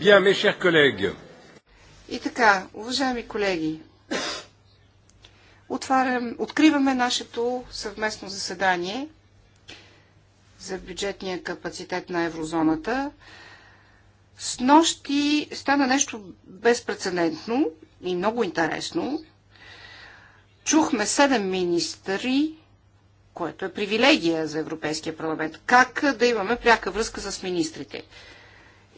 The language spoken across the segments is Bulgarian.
Bien, mes chers collègues. И така, уважаеми колеги, отварям, откриваме нашето съвместно заседание за бюджетния капацитет на еврозоната. С нощи стана нещо безпредседентно и много интересно. Чухме седем министри, което е привилегия за Европейския парламент. Как да имаме пряка връзка с министрите?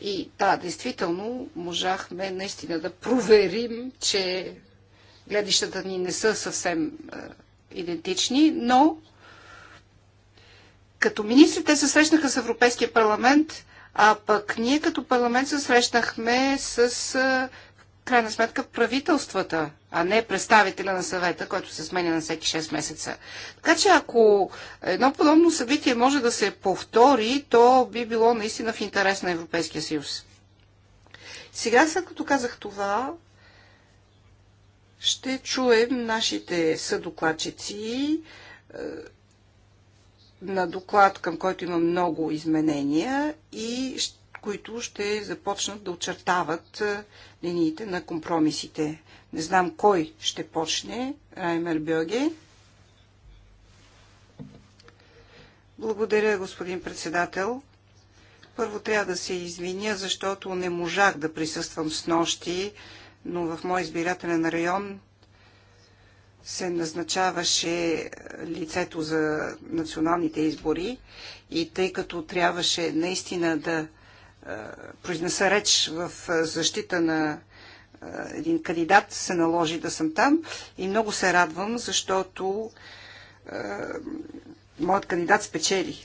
И да, действително можахме наистина да проверим, че гледищата ни не са съвсем е, идентични, но като министри те се срещнаха с Европейския парламент, а пък ние като парламент се срещнахме с крайна сметка правителствата, а не представителя на съвета, който се сменя на всеки 6 месеца. Така че ако едно подобно събитие може да се повтори, то би било наистина в интерес на Европейския съюз. Сега, след като казах това, ще чуем нашите съдокладчици е, на доклад, към който има много изменения и които ще започнат да очертават е, линиите на компромисите. Не знам кой ще почне. Раймер Бьоге. Благодаря, господин председател. Първо трябва да се извиня, защото не можах да присъствам с нощи, но в мой избирателен район се назначаваше лицето за националните избори и тъй като трябваше наистина да произнеса реч в защита на един кандидат, се наложи да съм там и много се радвам, защото моят кандидат спечели.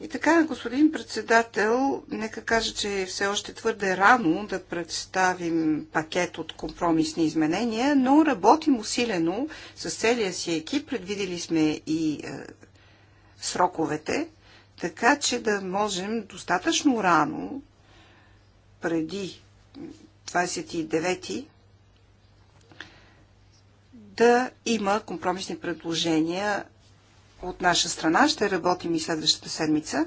И така, господин председател, нека кажа, че е все още твърде рано да представим пакет от компромисни изменения, но работим усилено с целия си екип. Предвидели сме и е, сроковете така че да можем достатъчно рано, преди 29-ти, да има компромисни предложения от наша страна. Ще работим и следващата седмица.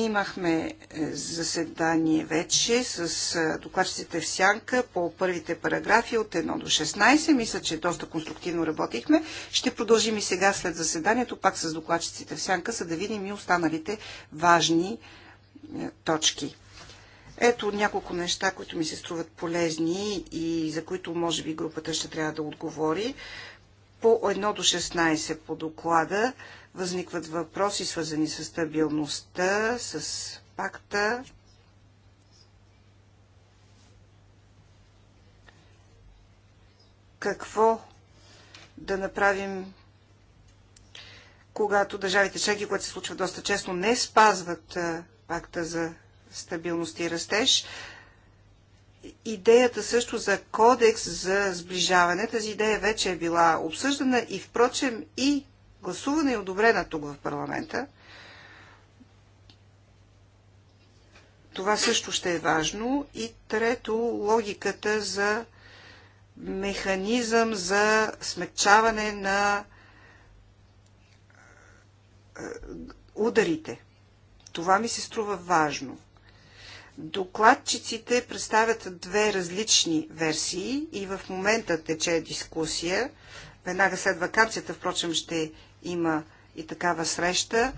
Имахме е, заседание вече с е, докладчиците в сянка по първите параграфи от 1 до 16. Мисля, че доста конструктивно работихме. Ще продължим и сега след заседанието пак с докладчиците в сянка, за да видим и останалите важни е, точки. Ето няколко неща, които ми се струват полезни и за които може би групата ще трябва да отговори. По 1 до 16 по доклада Възникват въпроси, свързани с стабилността, с пакта. Какво да направим, когато държавите членки, което се случва доста честно, не спазват пакта за стабилност и растеж? идеята също за кодекс за сближаване, тази идея вече е била обсъждана и впрочем и гласувана и одобрена тук в парламента. Това също ще е важно. И трето, логиката за механизъм за смягчаване на е, ударите. Това ми се струва важно. Докладчиците представят две различни версии и в момента тече дискусия. Веднага след вакансията, впрочем, ще има и такава среща.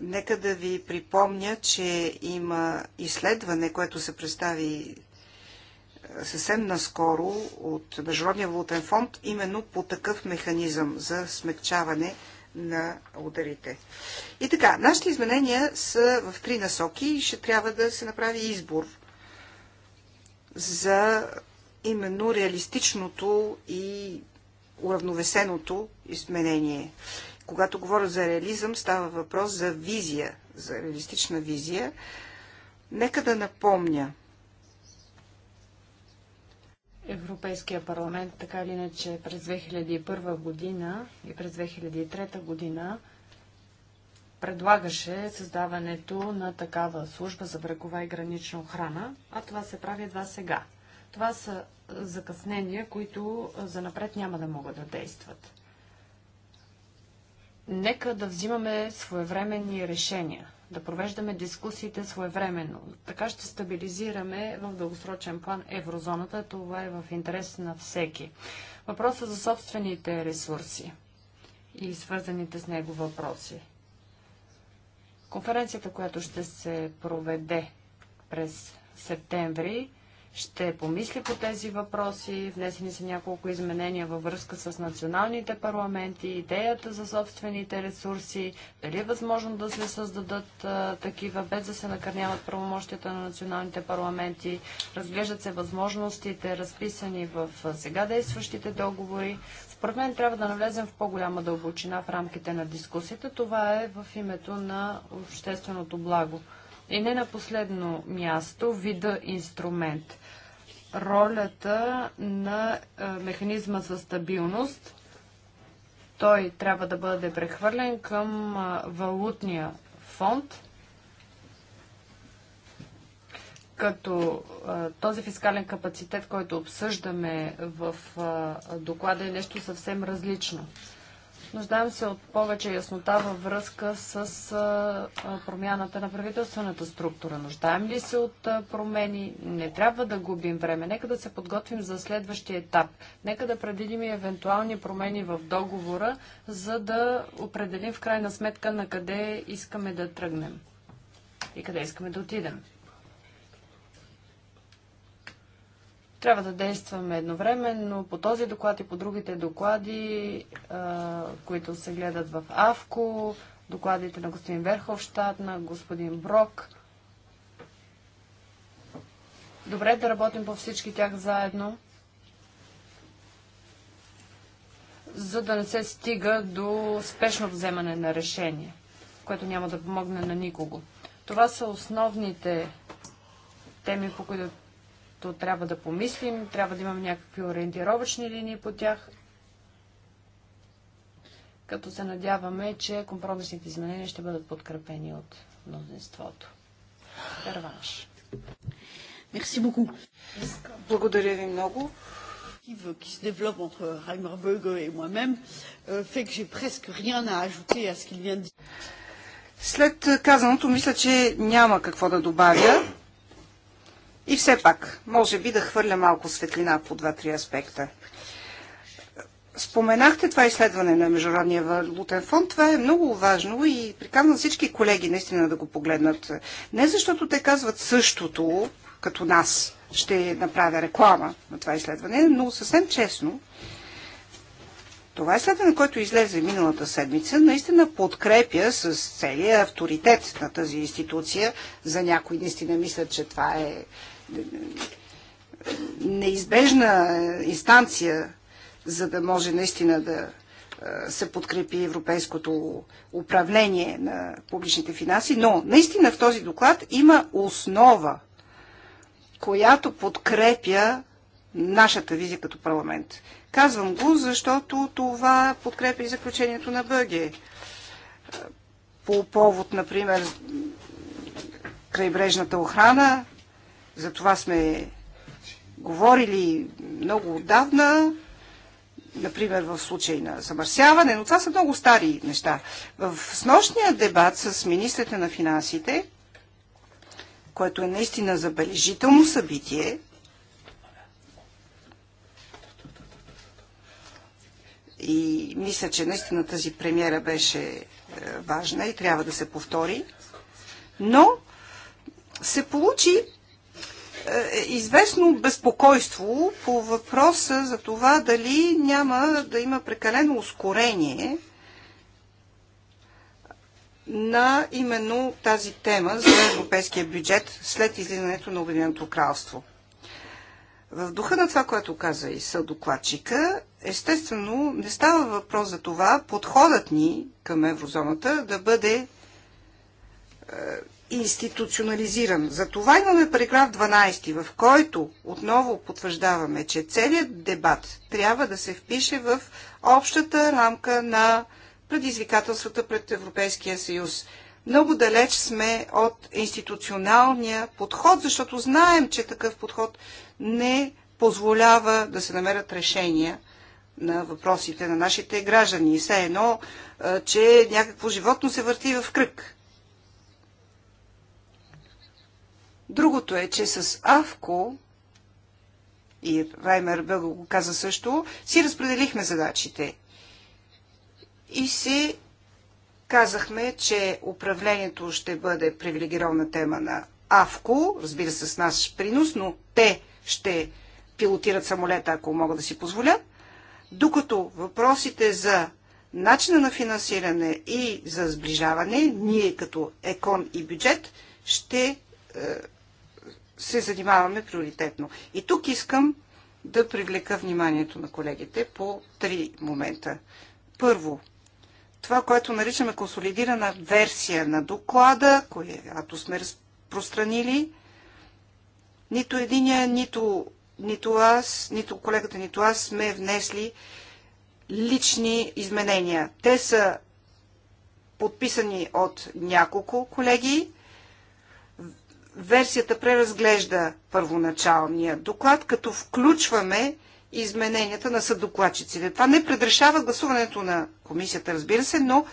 Нека да ви припомня, че има изследване, което се представи е, съвсем наскоро от Международния валутен фонд, именно по такъв механизъм за смягчаване на ударите. И така, нашите изменения са в три насоки и ще трябва да се направи избор за именно реалистичното и уравновесеното изменение. Когато говоря за реализъм, става въпрос за визия, за реалистична визия. Нека да напомня. Европейския парламент, така или иначе, през 2001 година и през 2003 година предлагаше създаването на такава служба за брегова и гранична охрана, а това се прави едва сега. Това са закъснения, които за напред няма да могат да действат. Нека да взимаме своевременни решения, да провеждаме дискусиите своевременно. Така ще стабилизираме в дългосрочен план еврозоната. Това е в интерес на всеки. Въпросът за собствените ресурси и свързаните с него въпроси. Конференцията, която ще се проведе през септември, ще помисли по тези въпроси. Внесени са няколко изменения във връзка с националните парламенти, идеята за собствените ресурси, дали е възможно да се създадат а, такива, без да се накърняват правомощията на националните парламенти. Разглеждат се възможностите, разписани в сега действащите договори. Според мен трябва да навлезем в по-голяма дълбочина в рамките на дискусията. Това е в името на общественото благо. И не на последно място, вида инструмент. Ролята на е, механизма за стабилност, той трябва да бъде прехвърлен към е, валутния фонд, като е, този фискален капацитет, който обсъждаме в доклада, е нещо съвсем различно. Нуждаем се от повече яснота във връзка с а, промяната на правителствената структура. Нуждаем ли се от а, промени? Не трябва да губим време. Нека да се подготвим за следващия етап. Нека да предвидим и евентуални промени в договора, за да определим в крайна сметка на къде искаме да тръгнем и къде искаме да отидем. Трябва да действаме едновременно по този доклад и по другите доклади, които се гледат в АВКО, докладите на господин Верховщад, на господин Брок. Добре е да работим по всички тях заедно, за да не се стига до спешно вземане на решение, което няма да помогне на никого. Това са основните теми, по които които трябва да помислим, трябва да имаме някакви ориентировъчни линии по тях, като се надяваме, че компромисните изменения ще бъдат подкрепени от мнозинството. Перванш. Мерси beaucoup. Благодаря ви много. qui se développe entre Reimer Böge et moi-même euh, fait que j'ai presque rien à ajouter à ce qu'il vient de dire. След казаното мисля, че няма какво да добавя. И все пак, може би да хвърля малко светлина по два-три аспекта. Споменахте това изследване на Международния валутен фонд. Това е много важно и приканвам всички колеги наистина да го погледнат. Не защото те казват същото, като нас ще направя реклама на това изследване, но съвсем честно, това изследване, което излезе миналата седмица, наистина подкрепя с целия авторитет на тази институция. За някои наистина мислят, че това е неизбежна е, инстанция, за да може наистина да е, се подкрепи европейското управление на публичните финанси, но наистина в този доклад има основа, която подкрепя нашата визия като парламент. Казвам го, защото това подкрепя и заключението на Бъге. Е, по повод, например, крайбрежната охрана, за това сме говорили много отдавна, например в случай на замърсяване, но това са много стари неща. В снощния дебат с министрите на финансите, което е наистина забележително събитие, и мисля, че наистина тази премиера беше е, важна и трябва да се повтори, но се получи е, е, известно безпокойство по въпроса за това дали няма да има прекалено ускорение на именно тази тема за европейския бюджет след излизането на Обединеното кралство. В духа на това, което каза и съдокладчика, естествено не става въпрос за това подходът ни към еврозоната да бъде е, институционализиран. Затова имаме параграф 12, в който отново потвърждаваме, че целият дебат трябва да се впише в общата рамка на предизвикателствата пред Европейския съюз. Много далеч сме от институционалния подход, защото знаем, че такъв подход не позволява да се намерят решения на въпросите на нашите граждани. Все едно, че някакво животно се върти в кръг. Другото е, че с АВКО и Раймер Белго го каза също, си разпределихме задачите и си казахме, че управлението ще бъде привилегирована тема на АВКО, разбира се с наш принос, но те ще пилотират самолета, ако могат да си позволят, докато въпросите за начина на финансиране и за сближаване, ние като ЕКОН и бюджет ще е, се занимаваме приоритетно. И тук искам да привлека вниманието на колегите по три момента. Първо, това, което наричаме консолидирана версия на доклада, която сме разпространили, нито единия, нито, нито аз, нито колегата, нито аз сме внесли лични изменения. Те са подписани от няколко колеги версията преразглежда първоначалния доклад, като включваме измененията на съдокладчиците. Това не предрешава гласуването на комисията, разбира се, но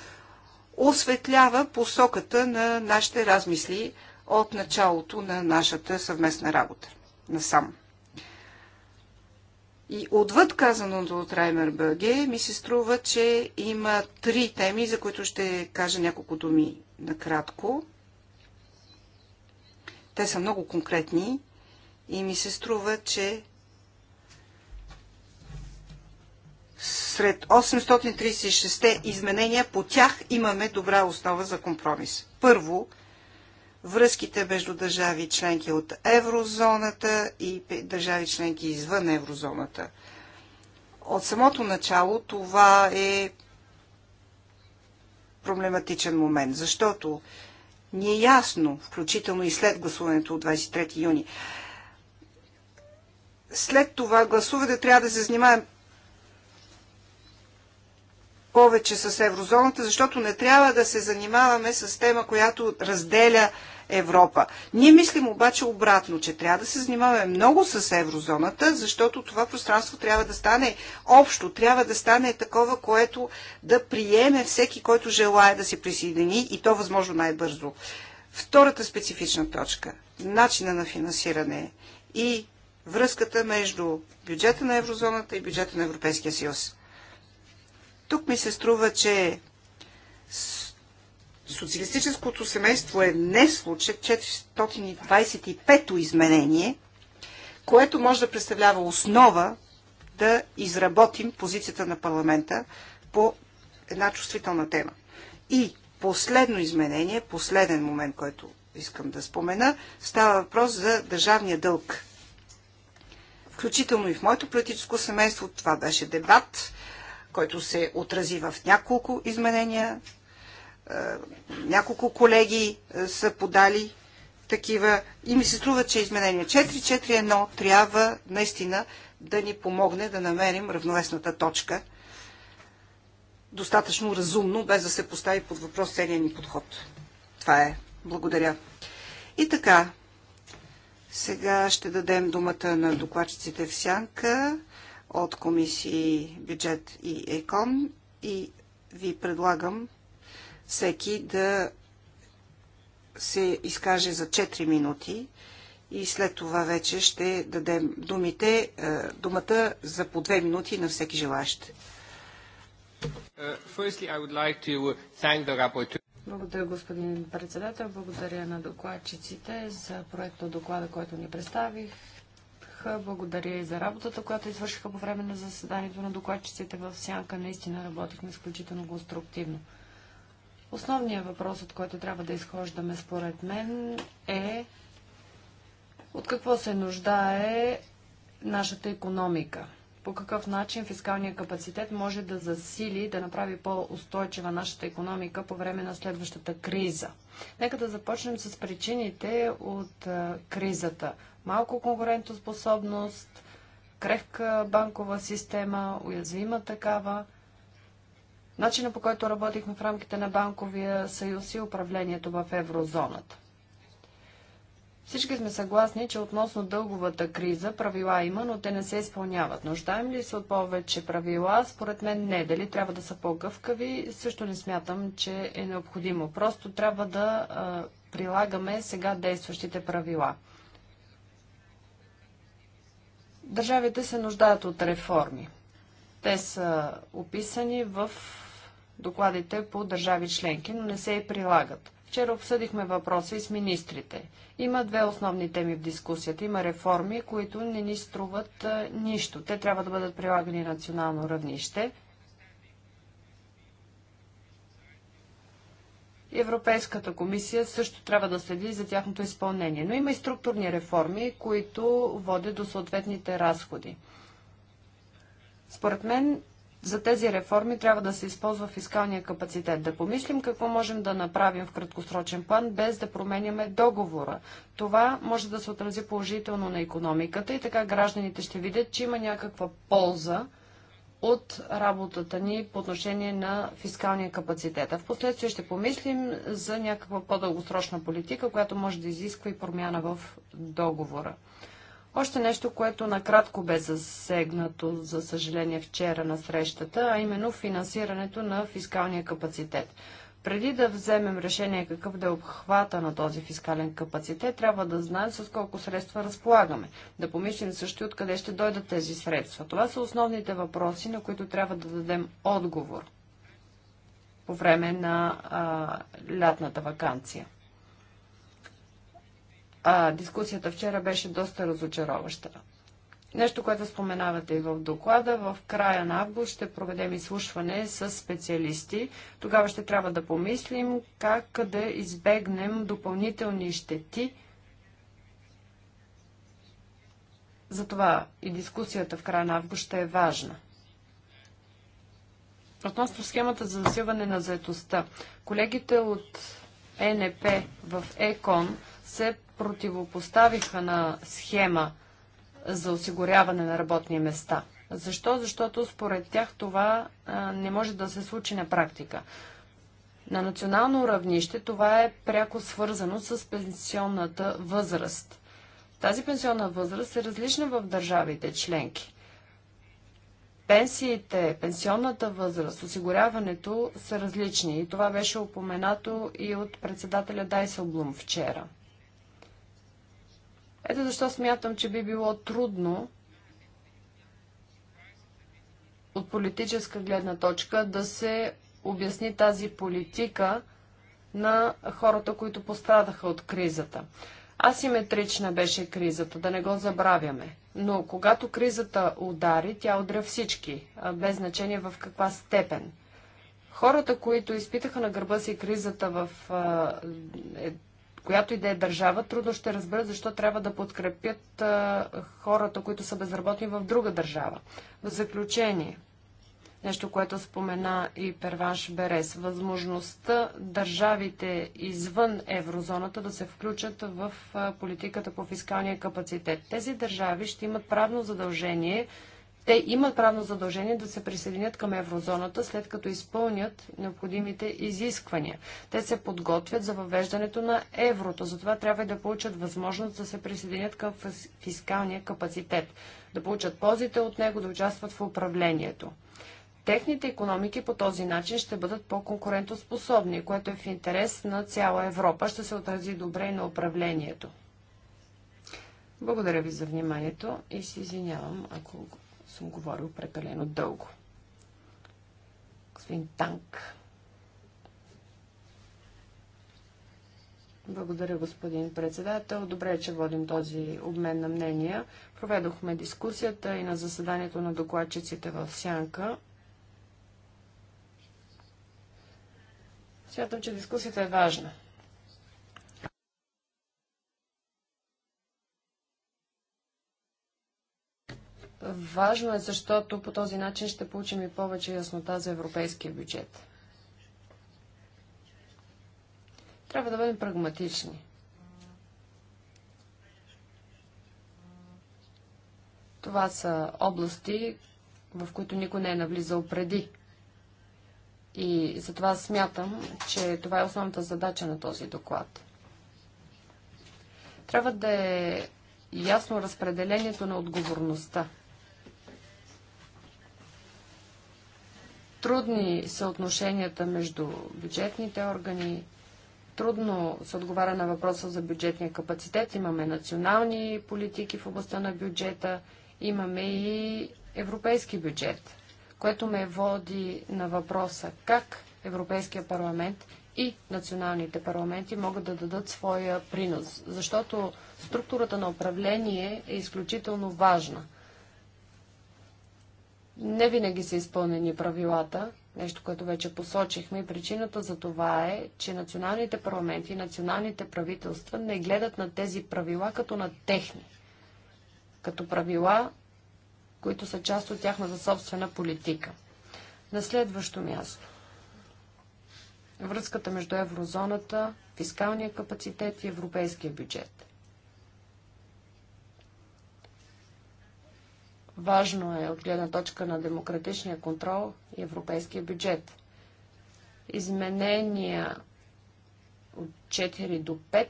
осветлява посоката на нашите размисли от началото на нашата съвместна работа. Насам. И отвъд казаното от Раймер Бъге, ми се струва, че има три теми, за които ще кажа няколко думи накратко. Те са много конкретни и ми се струва, че сред 836 изменения по тях имаме добра основа за компромис. Първо, връзките между държави членки от еврозоната и държави членки извън еврозоната. От самото начало това е проблематичен момент, защото ни е ясно, включително и след гласуването от 23 юни. След това гласуване трябва да се занимаем повече с еврозоната, защото не трябва да се занимаваме с тема, която разделя Европа. Ние мислим обаче обратно, че трябва да се занимаваме много с еврозоната, защото това пространство трябва да стане общо, трябва да стане такова, което да приеме всеки, който желая да се присъедини и то възможно най-бързо. Втората специфична точка – начина на финансиране и връзката между бюджета на еврозоната и бюджета на Европейския съюз. Тук ми се струва, че социалистическото семейство е случай 425-то изменение, което може да представлява основа да изработим позицията на парламента по една чувствителна тема. И последно изменение, последен момент, който искам да спомена, става въпрос за държавния дълг. Включително и в моето политическо семейство това беше дебат, който се отрази в няколко изменения е, няколко колеги е, са подали такива и ми се струва, че изменение 4.4.1 трябва наистина да ни помогне да намерим равновесната точка достатъчно разумно, без да се постави под въпрос целият ни подход. Това е. Благодаря. И така, сега ще дадем думата на докладчиците в Сянка от комисии бюджет и ЕКОН и ви предлагам всеки да се изкаже за 4 минути и след това вече ще дадем думите, е, думата за по 2 минути на всеки желащ. Uh, Благодаря, господин председател. Благодаря на докладчиците за проекта доклада, който ни представих. Благодаря и за работата, която извършиха по време на заседанието на докладчиците в Сянка. Наистина работихме изключително конструктивно. Основният въпрос, от който трябва да изхождаме според мен е от какво се нуждае нашата економика. По какъв начин фискалният капацитет може да засили, да направи по-устойчива нашата економика по време на следващата криза. Нека да започнем с причините от кризата. Малко конкурентоспособност, крехка банкова система, уязвима такава – начина по който работихме в рамките на Банковия съюз и управлението в еврозоната. Всички сме съгласни, че относно дълговата криза правила има, но те не се изпълняват. Нуждаем ли се от повече правила? Според мен не. Дали трябва да са по-гъвкави? Също не смятам, че е необходимо. Просто трябва да а, прилагаме сега действащите правила. Държавите се нуждаят от реформи. Те са описани в докладите по държави членки, но не се и прилагат. Вчера обсъдихме въпроса и с министрите. Има две основни теми в дискусията. Има реформи, които не ни струват нищо. Те трябва да бъдат прилагани на национално равнище. Европейската комисия също трябва да следи за тяхното изпълнение. Но има и структурни реформи, които водят до съответните разходи. Според мен за тези реформи трябва да се използва фискалния капацитет. Да помислим какво можем да направим в краткосрочен план, без да променяме договора. Това може да се отрази положително на економиката и така гражданите ще видят, че има някаква полза от работата ни по отношение на фискалния капацитет. А в последствие ще помислим за някаква по-дългосрочна политика, която може да изисква и промяна в договора. Още нещо, което накратко бе засегнато, за съжаление, вчера на срещата, а именно финансирането на фискалния капацитет. Преди да вземем решение какъв да е обхвата на този фискален капацитет, трябва да знаем с колко средства разполагаме. Да помислим също и откъде ще дойдат тези средства. Това са основните въпроси, на които трябва да дадем отговор по време на а, лятната вакансия а, дискусията вчера беше доста разочароваща. Нещо, което споменавате и в доклада, в края на август ще проведем изслушване с специалисти. Тогава ще трябва да помислим как да избегнем допълнителни щети. Затова и дискусията в края на август ще е важна. Относно схемата за засилване на заетостта, колегите от НП в ЕКОН се противопоставиха на схема за осигуряване на работни места. Защо? Защото според тях това не може да се случи на практика. На национално равнище това е пряко свързано с пенсионната възраст. Тази пенсионна възраст е различна в държавите членки. Пенсиите, пенсионната възраст, осигуряването са различни и това беше упоменато и от председателя Дайселблум вчера. Ето защо смятам, че би било трудно от политическа гледна точка да се обясни тази политика на хората, които пострадаха от кризата. Асиметрична беше кризата, да не го забравяме. Но когато кризата удари, тя удря всички, без значение в каква степен. Хората, които изпитаха на гърба си кризата в е, която и да е държава, трудно ще разберат защо трябва да подкрепят а, хората, които са безработни в друга държава. В заключение, нещо, което спомена и Перванш Берес, възможността държавите извън еврозоната да се включат в политиката по фискалния капацитет. Тези държави ще имат правно задължение те имат правно задължение да се присъединят към еврозоната, след като изпълнят необходимите изисквания. Те се подготвят за въвеждането на еврото, затова трябва и да получат възможност да се присъединят към фискалния капацитет, да получат ползите от него, да участват в управлението. Техните економики по този начин ще бъдат по-конкурентоспособни, което е в интерес на цяла Европа, ще се отрази добре и на управлението. Благодаря ви за вниманието и се извинявам, ако съм говорил прекалено дълго. Господин Танк. Благодаря, господин председател. Добре, че водим този обмен на мнения. Проведохме дискусията и на заседанието на докладчиците в Сянка. Смятам, че дискусията е важна. Важно е, защото по този начин ще получим и повече яснота за европейския бюджет. Трябва да бъдем прагматични. Това са области, в които никой не е навлизал преди. И затова смятам, че това е основната задача на този доклад. Трябва да е ясно разпределението на отговорността. Трудни са отношенията между бюджетните органи. Трудно се отговаря на въпроса за бюджетния капацитет. Имаме национални политики в областта на бюджета. Имаме и европейски бюджет, което ме води на въпроса как Европейския парламент и националните парламенти могат да дадат своя принос, защото структурата на управление е изключително важна – не винаги са изпълнени правилата, нещо, което вече посочихме. И причината за това е, че националните парламенти и националните правителства не гледат на тези правила като на техни. Като правила, които са част от тяхната собствена политика. На следващо място. Връзката между еврозоната, фискалния капацитет и европейския бюджет. Важно е от гледна точка на демократичния контрол и европейския бюджет. Изменения от 4 до 5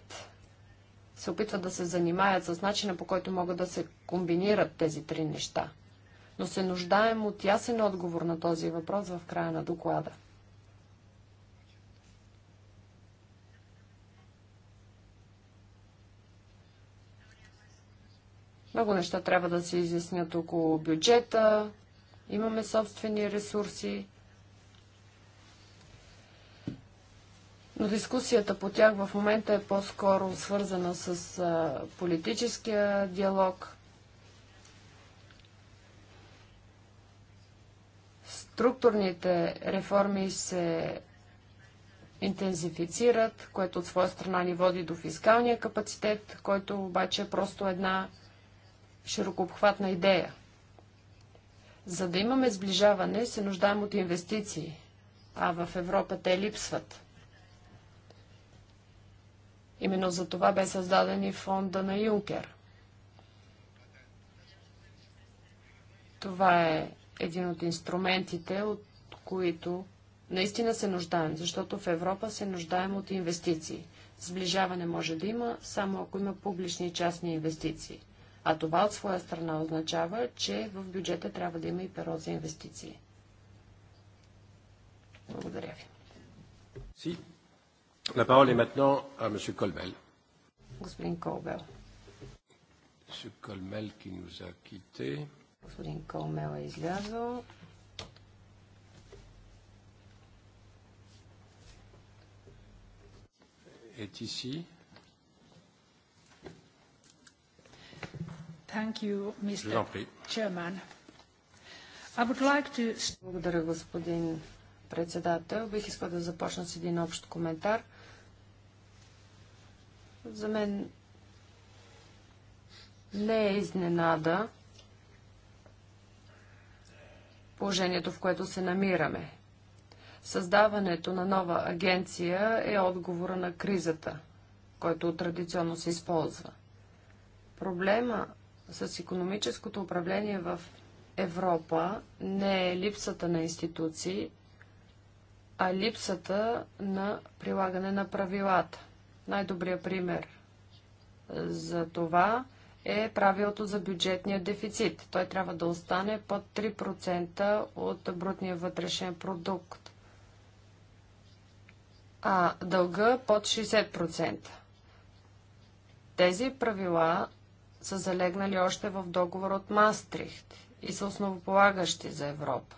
се опитват да се занимаят с начина по който могат да се комбинират тези три неща. Но се нуждаем от ясен отговор на този въпрос в края на доклада. Много неща трябва да се изяснят около бюджета. Имаме собствени ресурси. Но дискусията по тях в момента е по-скоро свързана с политическия диалог. Структурните реформи се интензифицират, което от своя страна ни води до фискалния капацитет, който обаче е просто една широкообхватна идея. За да имаме сближаване, се нуждаем от инвестиции, а в Европа те липсват. Именно за това бе създаден и фонда на Юнкер. Това е един от инструментите, от които наистина се нуждаем, защото в Европа се нуждаем от инвестиции. Сближаване може да има, само ако има публични и частни инвестиции. А това от своя страна означава, че в бюджета трябва да има и перо за инвестиции. Благодаря ви. Си. La parole est maintenant à M. Colmel. Господин Колбел. qui nous a Господин Колмел е излязъл. Est ici. Благодаря, господин председател. Бих искал да започна с един общ коментар. За мен не е изненада положението, в което се намираме. Създаването на нова агенция е отговора на кризата, който традиционно се използва. Проблема с економическото управление в Европа не е липсата на институции, а липсата на прилагане на правилата. Най-добрият пример за това е правилото за бюджетния дефицит. Той трябва да остане под 3% от брутния вътрешен продукт, а дълга под 60%. Тези правила са залегнали още в договор от Мастрихт и са основополагащи за Европа.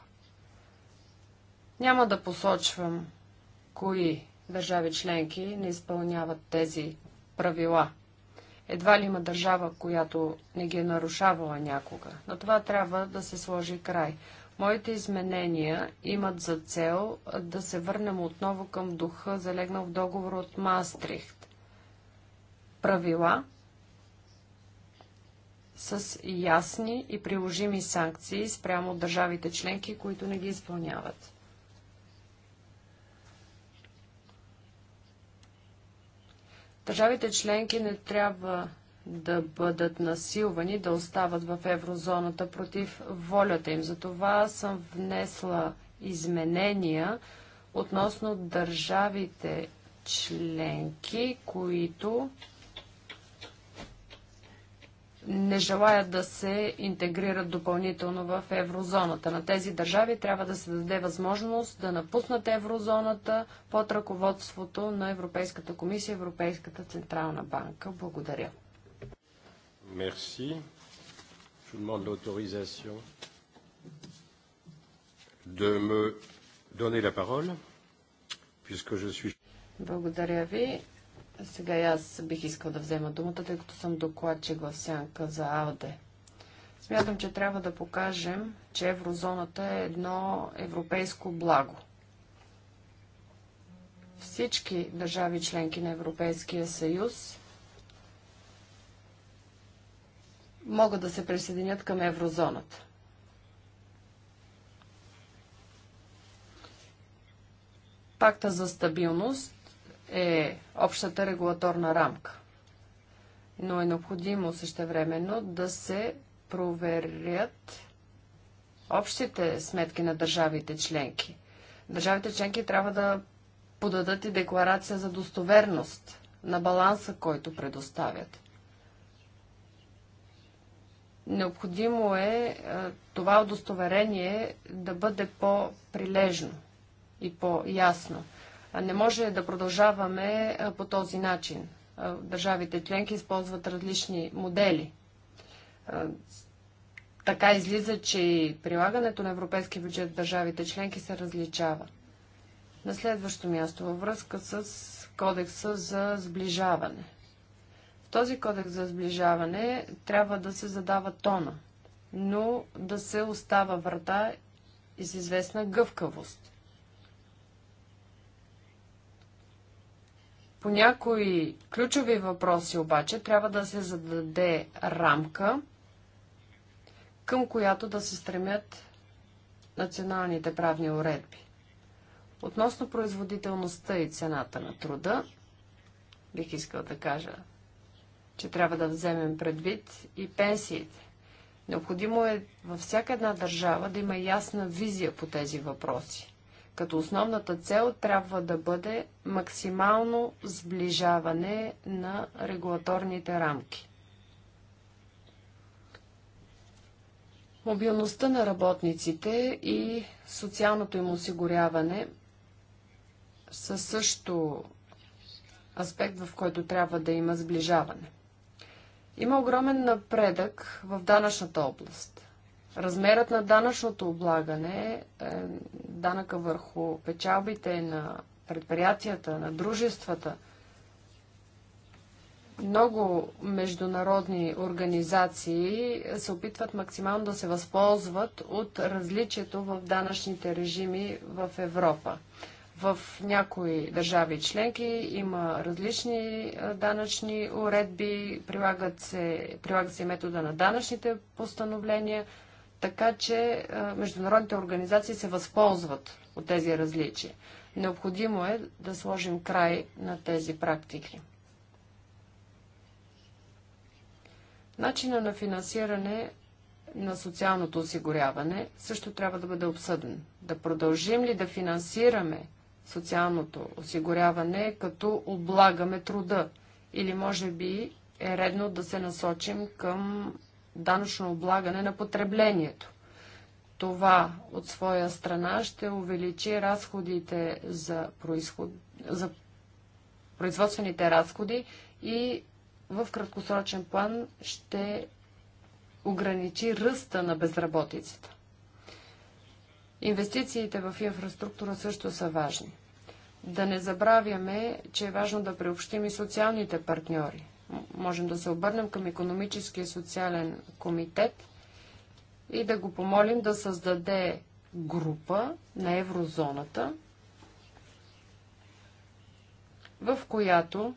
Няма да посочвам кои държави членки не изпълняват тези правила. Едва ли има държава, която не ги е нарушавала някога. На това трябва да се сложи край. Моите изменения имат за цел да се върнем отново към духа, залегнал в договор от Мастрихт. Правила, с ясни и приложими санкции спрямо от държавите членки, които не ги изпълняват. Държавите членки не трябва да бъдат насилвани да остават в еврозоната против волята им. Затова съм внесла изменения относно държавите членки, които не желаят да се интегрират допълнително в еврозоната. На тези държави трябва да се даде възможност да напуснат еврозоната под ръководството на Европейската комисия, Европейската централна банка. Благодаря. Мерси. Je demande l'autorisation de me donner la parole, puisque je suis... Благодаря ви. Сега и аз бих искал да взема думата, тъй като съм докладчик в сянка за АОДЕ. Смятам, че трябва да покажем, че еврозоната е едно европейско благо. Всички държави членки на Европейския съюз могат да се присъединят към еврозоната. Пакта за стабилност е общата регулаторна рамка. Но е необходимо същевременно да се проверят общите сметки на държавите членки. Държавите членки трябва да подадат и декларация за достоверност на баланса, който предоставят. Необходимо е, е това удостоверение да бъде по-прилежно и по-ясно. Не може да продължаваме по този начин. Държавите членки използват различни модели. Така излиза, че и прилагането на европейски бюджет в държавите членки се различава. На следващо място, във връзка с кодекса за сближаване. В този кодекс за сближаване трябва да се задава тона, но да се остава врата и с известна гъвкавост. По някои ключови въпроси обаче трябва да се зададе рамка, към която да се стремят националните правни уредби. Относно производителността и цената на труда, бих искал да кажа, че трябва да вземем предвид и пенсиите. Необходимо е във всяка една държава да има ясна визия по тези въпроси като основната цел трябва да бъде максимално сближаване на регулаторните рамки. Мобилността на работниците и социалното им осигуряване са също аспект, в който трябва да има сближаване. Има огромен напредък в данъчната област. Размерът на данъчното облагане, е, данъка върху печалбите на предприятията, на дружествата, много международни организации се опитват максимално да се възползват от различието в данъчните режими в Европа. В някои държави членки има различни е, данъчни уредби, прилагат се, прилагат се метода на данъчните постановления – така че международните организации се възползват от тези различия. Необходимо е да сложим край на тези практики. Начина на финансиране на социалното осигуряване също трябва да бъде обсъден. Да продължим ли да финансираме социалното осигуряване, като облагаме труда? Или може би е редно да се насочим към данъчно облагане на потреблението. Това от своя страна ще увеличи разходите за, произход... за производствените разходи и в краткосрочен план ще ограничи ръста на безработицата. Инвестициите в инфраструктура също са важни. Да не забравяме, че е важно да приобщим и социалните партньори можем да се обърнем към економическия и социален комитет и да го помолим да създаде група на еврозоната, в която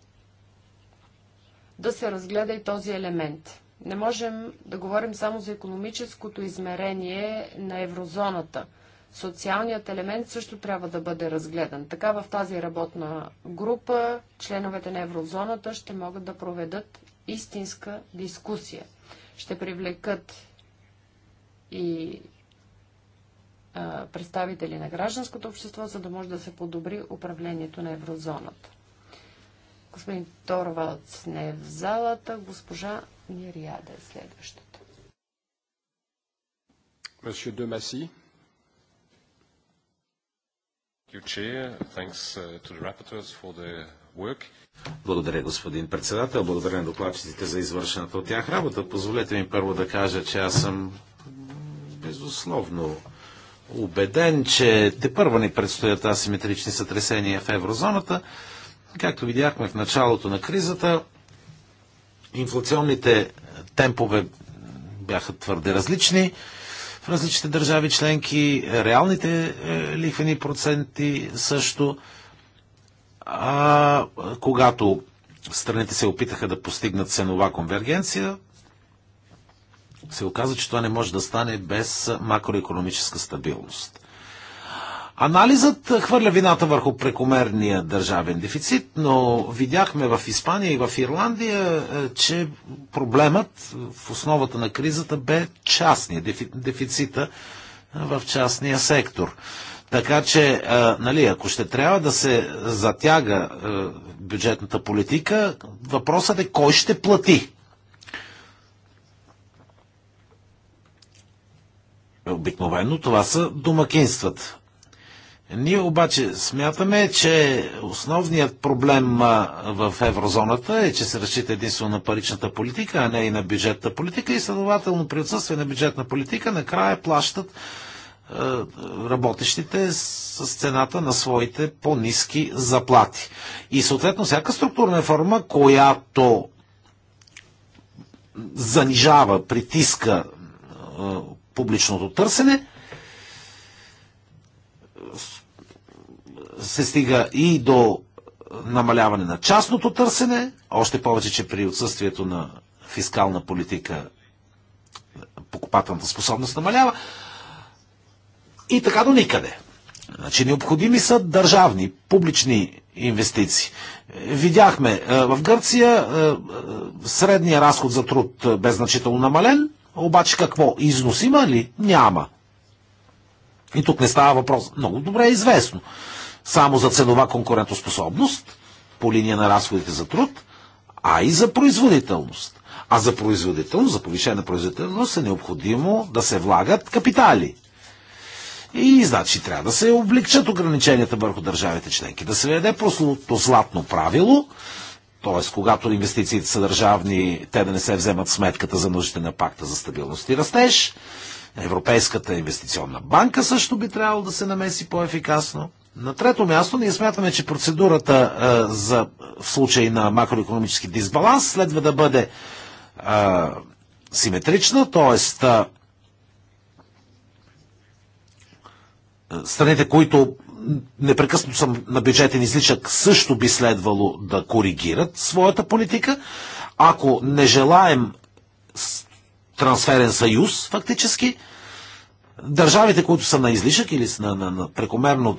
да се разгледа и този елемент. Не можем да говорим само за економическото измерение на еврозоната – Социалният елемент също трябва да бъде разгледан. Така в тази работна група членовете на еврозоната ще могат да проведат истинска дискусия. Ще привлекат и представители на гражданското общество, за да може да се подобри управлението на еврозоната. Господин Торвалц не е в залата. Госпожа Нириада е следващата. Месье Демаси. Uh, Благодаря, господин председател. Благодаря на докладчиците за извършената от тях работа. Позволете ми първо да кажа, че аз съм безусловно убеден, че те първо ни предстоят асиметрични сътресения в еврозоната. Както видяхме в началото на кризата, инфлационните темпове бяха твърде различни в различните държави членки, реалните е, лихвени проценти също. А когато страните се опитаха да постигнат ценова конвергенция, се оказа, че това не може да стане без макроекономическа стабилност. Анализът хвърля вината върху прекомерния държавен дефицит, но видяхме в Испания и в Ирландия, е, че проблемът в основата на кризата бе частния дефицита е, в частния сектор. Така че, е, нали, ако ще трябва да се затяга бюджетната политика, въпросът е кой ще плати. Обикновено това са домакинствата. Ние обаче смятаме, че основният проблем в еврозоната е, че се разчита единствено на паричната политика, а не и на бюджетна политика и следователно при отсъствие на бюджетна политика накрая плащат работещите с цената на своите по-низки заплати. И съответно всяка структурна форма, която занижава, притиска публичното търсене, се стига и до намаляване на частното търсене, още повече, че при отсъствието на фискална политика покупателната способност намалява. И така до никъде. Значи необходими са държавни, публични инвестиции. Видяхме е, в Гърция е, е, средния разход за труд бе значително намален, обаче какво? Износ има ли? Няма. И тук не става въпрос. Много добре е известно. Само за ценова конкурентоспособност по линия на разходите за труд, а и за производителност. А за производителност, за повишена производителност е необходимо да се влагат капитали. И значи трябва да се облегчат ограниченията върху държавите членки, да се веде прослото златно правило, т.е. когато инвестициите са държавни, те да не се вземат сметката за нуждите на пакта за стабилност и растеж, Европейската инвестиционна банка също би трябвало да се намеси по-ефикасно. На трето място ние смятаме, че процедурата а, е, за, в случай на макроекономически дисбаланс следва да бъде а, е, симетрична, т.е. страните, които непрекъснато съм на бюджетен изличък, също би следвало да коригират своята политика. Ако не желаем трансферен съюз, фактически. Държавите, които са на излишък или са на, на, на прекомерно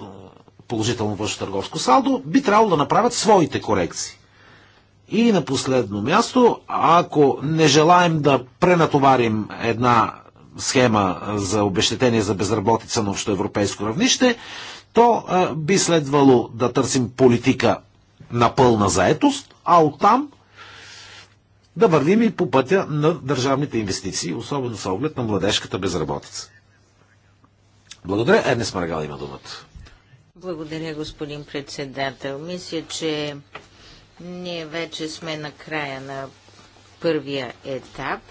положително външно-търговско салдо, би трябвало да направят своите корекции. И на последно място, ако не желаем да пренатоварим една схема за обещетение за безработица на общоевропейско равнище, то а, би следвало да търсим политика на пълна заетост, а оттам да вървим и по пътя на държавните инвестиции, особено с оглед на младежката безработица. Благодаря. Ернест Марагал има думата. Благодаря, господин председател. Мисля, че ние вече сме на края на първия етап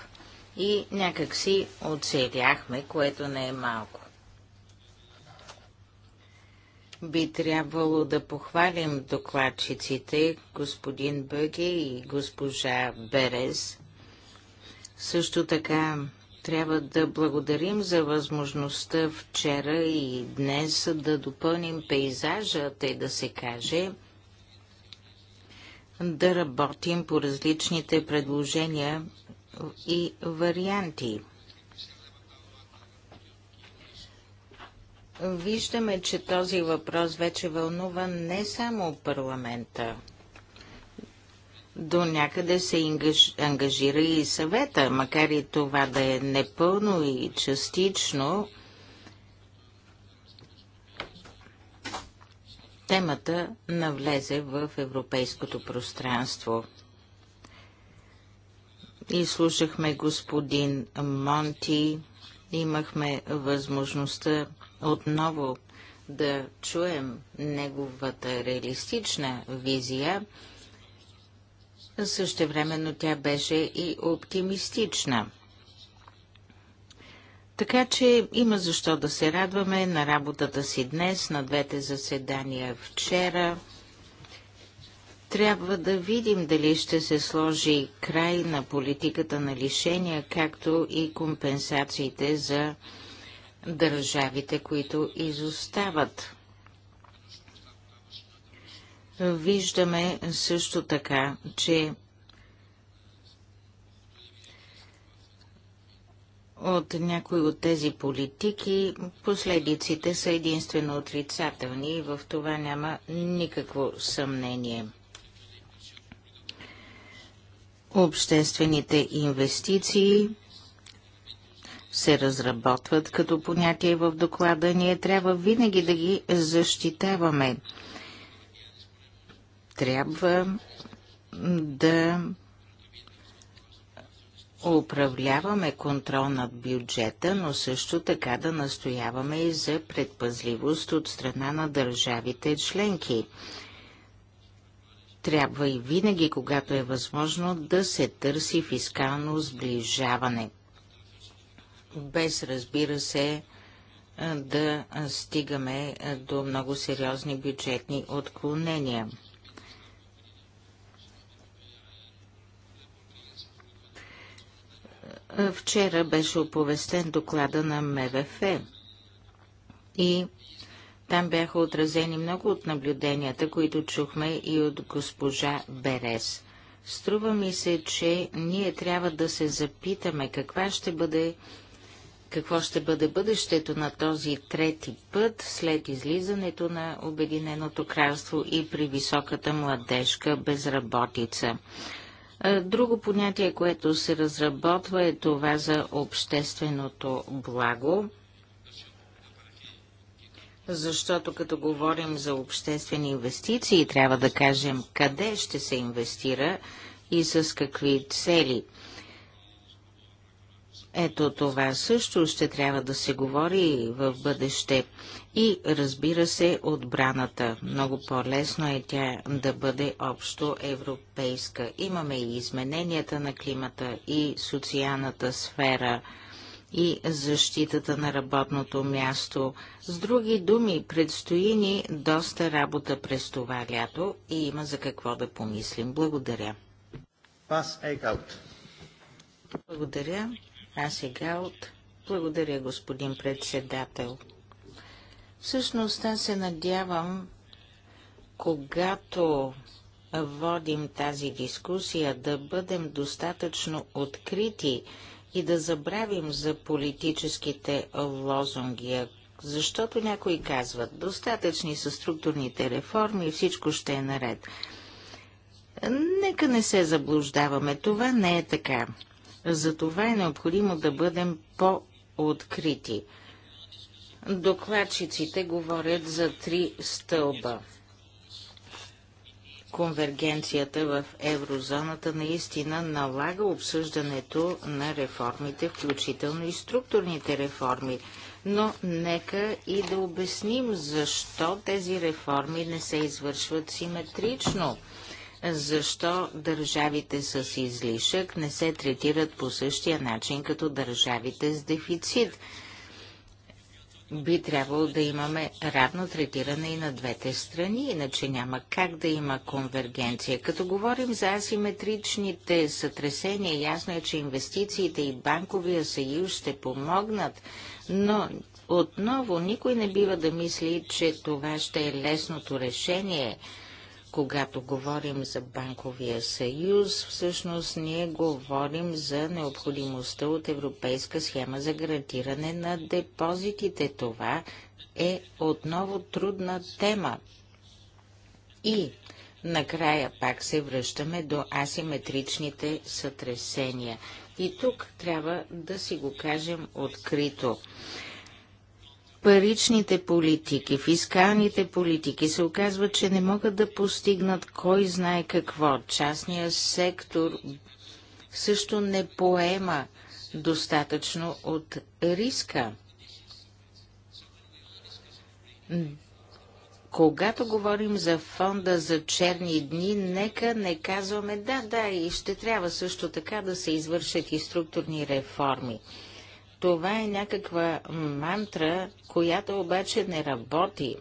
и някакси оцеляхме, което не е малко. Би трябвало да похвалим докладчиците, господин Бъге и госпожа Берез. Също така трябва да благодарим за възможността вчера и днес да допълним пейзажа, тъй да се каже, да работим по различните предложения и варианти. Виждаме, че този въпрос вече вълнува не само парламента. До някъде се ингаж... ангажира и съвета, макар и това да е непълно и частично. Темата навлезе в европейското пространство. И слушахме господин Монти, имахме възможността отново да чуем неговата реалистична визия. Същевременно тя беше и оптимистична. Така че има защо да се радваме на работата си днес, на двете заседания вчера. Трябва да видим дали ще се сложи край на политиката на лишения, както и компенсациите за държавите, които изостават. Виждаме също така, че от някои от тези политики последиците са единствено отрицателни и в това няма никакво съмнение. Обществените инвестиции се разработват като понятие в доклада, ние трябва винаги да ги защитаваме. Трябва да управляваме контрол над бюджета, но също така да настояваме и за предпазливост от страна на държавите членки. Трябва и винаги, когато е възможно, да се търси фискално сближаване – без разбира се да стигаме до много сериозни бюджетни отклонения. Вчера беше оповестен доклада на МВФ и там бяха отразени много от наблюденията, които чухме и от госпожа Берес. Струва ми се, че ние трябва да се запитаме каква ще бъде какво ще бъде бъдещето на този трети път след излизането на Обединеното кралство и при високата младежка безработица. Друго понятие, което се разработва е това за общественото благо, защото като говорим за обществени инвестиции, трябва да кажем къде ще се инвестира и с какви цели – ето това също ще трябва да се говори в бъдеще. И разбира се, отбраната. Много по-лесно е тя да бъде общо европейска. Имаме и измененията на климата, и социалната сфера, и защитата на работното място. С други думи, предстои ни доста работа през това лято и има за какво да помислим. Благодаря. Благодаря. А сега от... Благодаря, господин председател. Всъщност аз се надявам, когато водим тази дискусия, да бъдем достатъчно открити и да забравим за политическите лозунги, защото някои казват, достатъчни са структурните реформи и всичко ще е наред. Нека не се заблуждаваме, това не е така. Затова е необходимо да бъдем по-открити. Докладчиците говорят за три стълба. Конвергенцията в еврозоната наистина налага обсъждането на реформите, включително и структурните реформи. Но нека и да обясним защо тези реформи не се извършват симетрично – защо държавите с излишък не се третират по същия начин като държавите с дефицит. Би трябвало да имаме равно третиране и на двете страни, иначе няма как да има конвергенция. Като говорим за асиметричните сътресения, ясно е, че инвестициите и банковия съюз ще помогнат, но отново никой не бива да мисли, че това ще е лесното решение – когато говорим за банковия съюз, всъщност ние говорим за необходимостта от европейска схема за гарантиране на депозитите. Това е отново трудна тема. И накрая пак се връщаме до асиметричните сътресения. И тук трябва да си го кажем открито паричните политики, фискалните политики се оказва, че не могат да постигнат кой знае какво. Частният сектор също не поема достатъчно от риска. Когато говорим за фонда за черни дни, нека не казваме да, да, и ще трябва също така да се извършат и структурни реформи. Това е някаква мантра, която обаче не работи,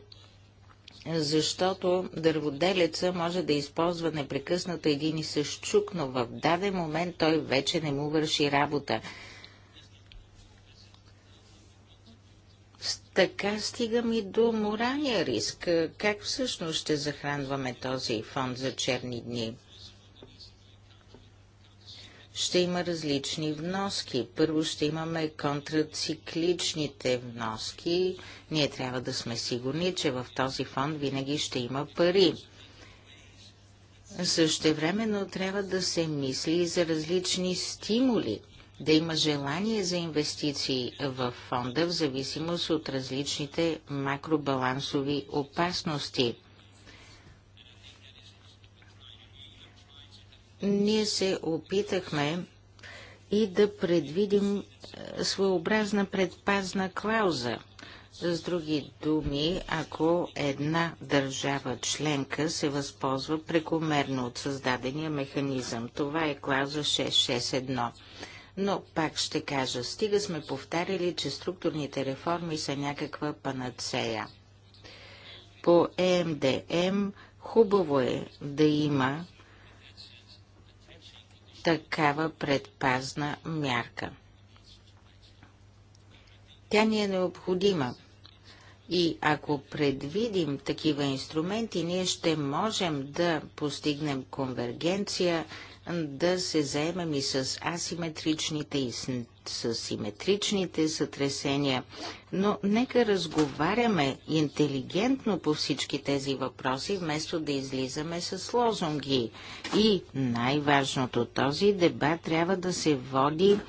защото дърводелеца може да използва непрекъснато един и същ чук, но в даден момент той вече не му върши работа. Така стигам и до моралния риск. Как всъщност ще захранваме този фонд за черни дни? ще има различни вноски. Първо ще имаме контрацикличните вноски. Ние трябва да сме сигурни, че в този фонд винаги ще има пари. Същевременно трябва да се мисли и за различни стимули, да има желание за инвестиции в фонда в зависимост от различните макробалансови опасности. ние се опитахме и да предвидим е, своеобразна предпазна клауза. С други думи, ако една държава членка се възползва прекомерно от създадения механизъм, това е клауза 661. Но пак ще кажа, стига сме повтаряли, че структурните реформи са някаква панацея. По ЕМДМ хубаво е да има такава предпазна мярка. Тя ни е необходима. И ако предвидим такива инструменти, ние ще можем да постигнем конвергенция, да се заемем и с асиметричните и с с симетричните сътресения, но нека разговаряме интелигентно по всички тези въпроси, вместо да излизаме с лозунги. И най-важното, този дебат трябва да се води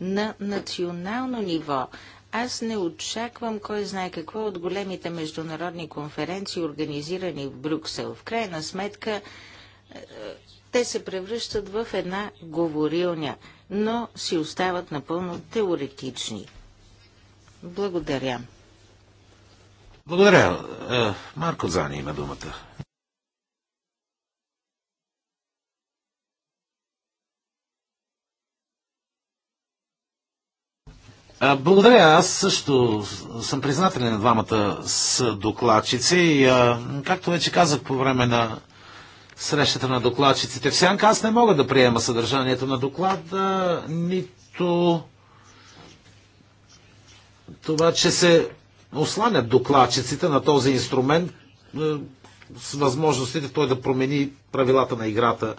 на национално ниво. Аз не очаквам кой знае какво от големите международни конференции, организирани в Брюксел. В крайна сметка, е, те се превръщат в една говорилня но си остават напълно теоретични. Благодаря. Благодаря. Е, Марко Зани има думата. Е, благодаря. Аз също съм признателен на двамата с докладчици. И, е, както вече казах по време на срещата на докладчиците в Сянка. Аз не мога да приема съдържанието на доклада, нито това, че се осланят докладчиците на този инструмент е, с възможностите той да промени правилата на играта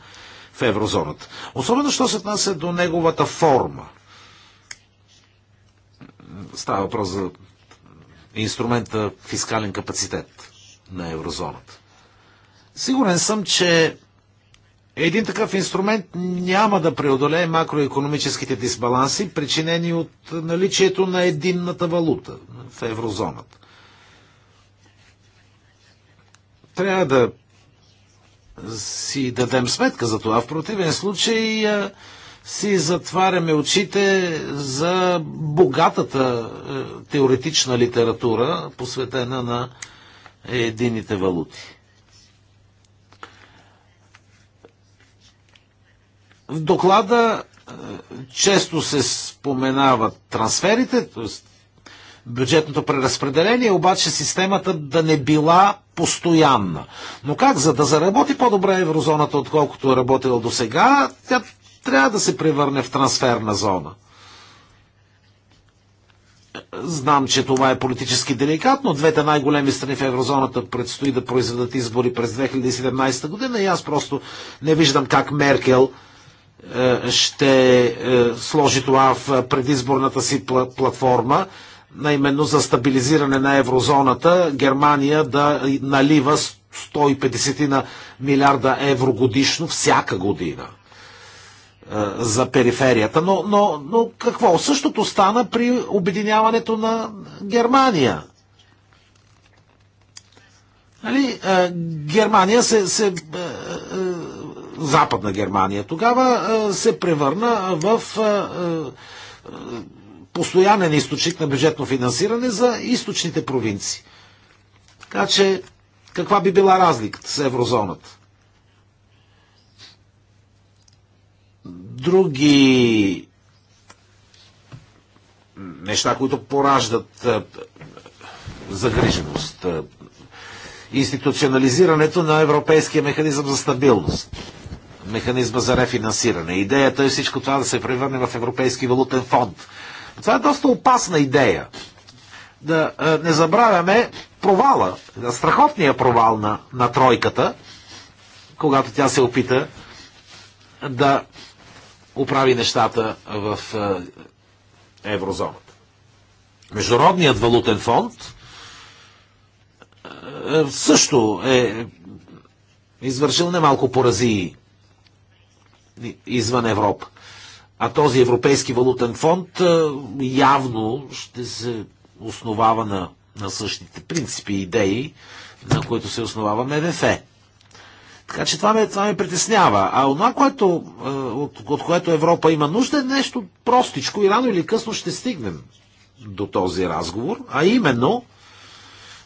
в еврозоната. Особено, що се отнася до неговата форма. Става въпрос за инструмента фискален капацитет на еврозоната. Сигурен съм, че един такъв инструмент няма да преодолее макроекономическите дисбаланси, причинени от наличието на единната валута в еврозоната. Трябва да си дадем сметка за това. В противен случай си затваряме очите за богатата теоретична литература, посветена на едините валути. В доклада е, често се споменават трансферите, т.е. бюджетното преразпределение, обаче системата да не била постоянна. Но как? За да заработи по-добре еврозоната, отколкото е работила до сега, тя трябва да се превърне в трансферна зона. Знам, че това е политически деликатно. Двете най-големи страни в еврозоната предстои да произведат избори през 2017 година и аз просто не виждам как Меркел ще е, сложи това в предизборната си платформа, наименно за стабилизиране на еврозоната, Германия да налива 150 на милиарда евро годишно всяка година е, за периферията. Но, но, но какво? Същото стана при обединяването на Германия. Нали, е, Германия се, се Западна Германия тогава се превърна в постоянен източник на бюджетно финансиране за източните провинции. Така че, каква би била разликата с еврозоната? Други неща, които пораждат загриженост. Институционализирането на Европейския механизъм за стабилност механизма за рефинансиране. Идеята е всичко това да се превърне в Европейски валутен фонд. Това е доста опасна идея. Да е, не забравяме провала, страхотния провал на, на тройката, когато тя се опита да оправи нещата в е, еврозоната. Международният валутен фонд е, също е извършил немалко порази извън Европа. А този Европейски валутен фонд явно ще се основава на, на същите принципи и идеи, на които се основава МВФ. Така че това ме, това ме притеснява. А това, което, от, от което Европа има нужда, е нещо простичко и рано или късно ще стигнем до този разговор, а именно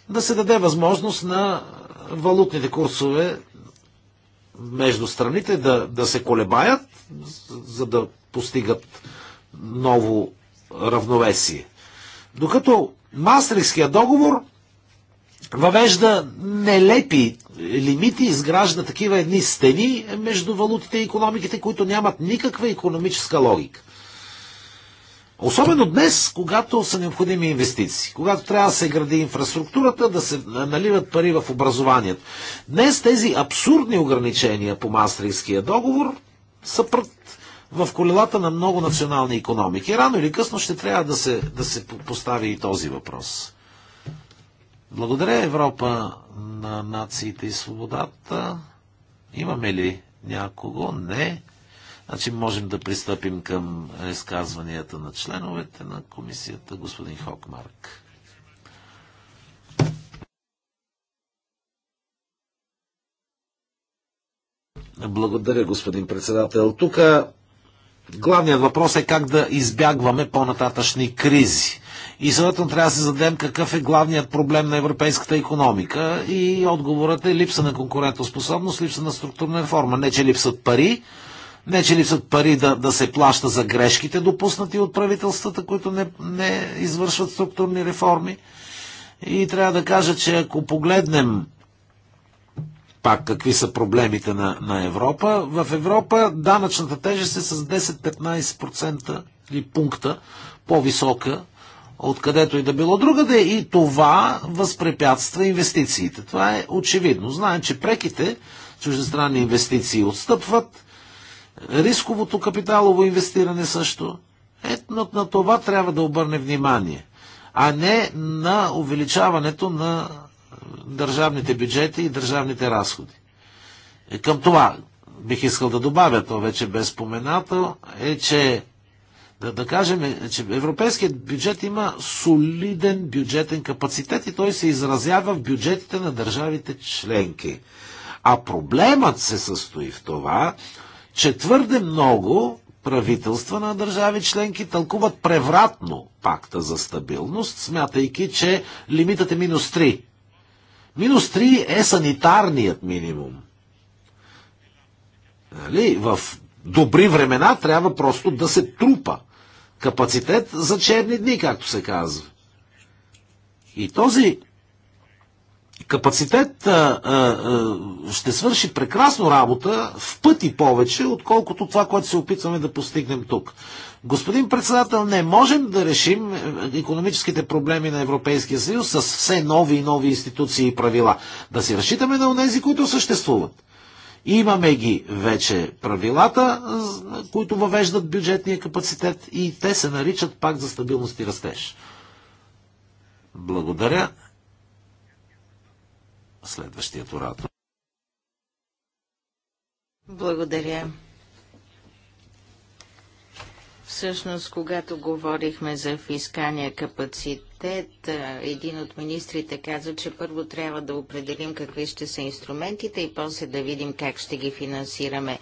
да се даде възможност на валутните курсове между страните да, да се колебаят, за да постигат ново равновесие. Докато Мастрихския договор въвежда нелепи лимити, изгражда такива едни стени между валутите и економиките, които нямат никаква економическа логика. Особено днес, когато са необходими инвестиции, когато трябва да се гради инфраструктурата, да се наливат пари в образованието. Днес тези абсурдни ограничения по Мастрийския договор са пред в колелата на много национални економики. Рано или късно ще трябва да се, да се постави и този въпрос. Благодаря Европа на нациите и свободата. Имаме ли някого? Не. Значи можем да пристъпим към изказванията на членовете на комисията, господин Хокмарк. Благодаря, господин председател. Тук главният въпрос е как да избягваме по-нататъчни кризи. И съответно трябва да се зададем какъв е главният проблем на европейската економика. И отговорът е липса на конкурентоспособност, липса на структурна реформа. Не, че липсат пари, вече са пари да, да се плаща за грешките, допуснати от правителствата, които не, не извършват структурни реформи. И трябва да кажа, че ако погледнем пак какви са проблемите на, на Европа, в Европа данъчната тежест е с 10-15% или пункта по-висока откъдето и да било другаде и това възпрепятства инвестициите. Това е очевидно. Знаем, че преките чуждестранни инвестиции отстъпват, Рисковото капиталово инвестиране също. Ето на това трябва да обърне внимание, а не на увеличаването на държавните бюджети и държавните разходи. Е, към това бих искал да добавя, то вече без споменато, е, че да, да кажем, е, че европейският бюджет има солиден бюджетен капацитет и той се изразява в бюджетите на държавите членки. А проблемът се състои в това, че твърде много правителства на държави членки тълкуват превратно пакта за стабилност, смятайки, че лимитът е минус 3. Минус 3 е санитарният минимум. Нали? В добри времена трябва просто да се трупа капацитет за черни дни, както се казва. И този капацитет а, а, а, ще свърши прекрасно работа в пъти повече, отколкото това, което се опитваме да постигнем тук. Господин председател, не можем да решим е, е, економическите проблеми на Европейския съюз с все нови и нови институции и правила. Да си разчитаме на тези, които съществуват. Имаме ги вече правилата, които въвеждат бюджетния капацитет и те се наричат пак за стабилност и растеж. Благодаря следващият оратор. Благодаря. Всъщност, когато говорихме за фискалния капацитет, един от министрите каза, че първо трябва да определим какви ще са инструментите и после да видим как ще ги финансираме.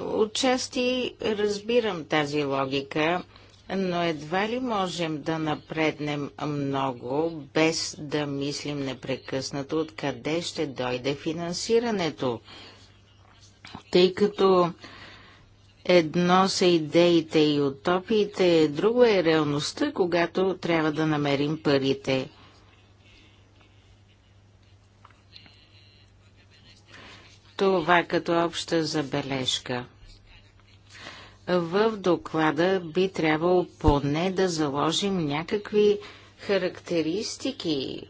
Отчасти разбирам тази логика но едва ли можем да напреднем много, без да мислим непрекъснато откъде ще дойде финансирането. Тъй като едно са идеите и утопиите, друго е реалността, когато трябва да намерим парите. Това като обща забележка – в доклада би трябвало поне да заложим някакви характеристики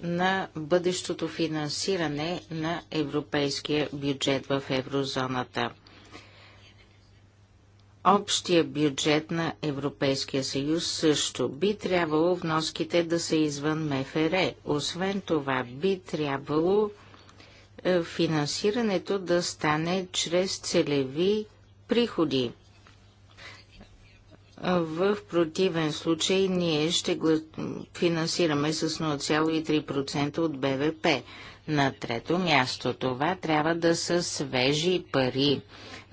на бъдещото финансиране на европейския бюджет в еврозоната. Общия бюджет на Европейския съюз също би трябвало вноските да са извън МФР. Освен това, би трябвало е, финансирането да стане чрез целеви приходи. В противен случай ние ще го финансираме с 0,3% от БВП. На трето място това трябва да са свежи пари.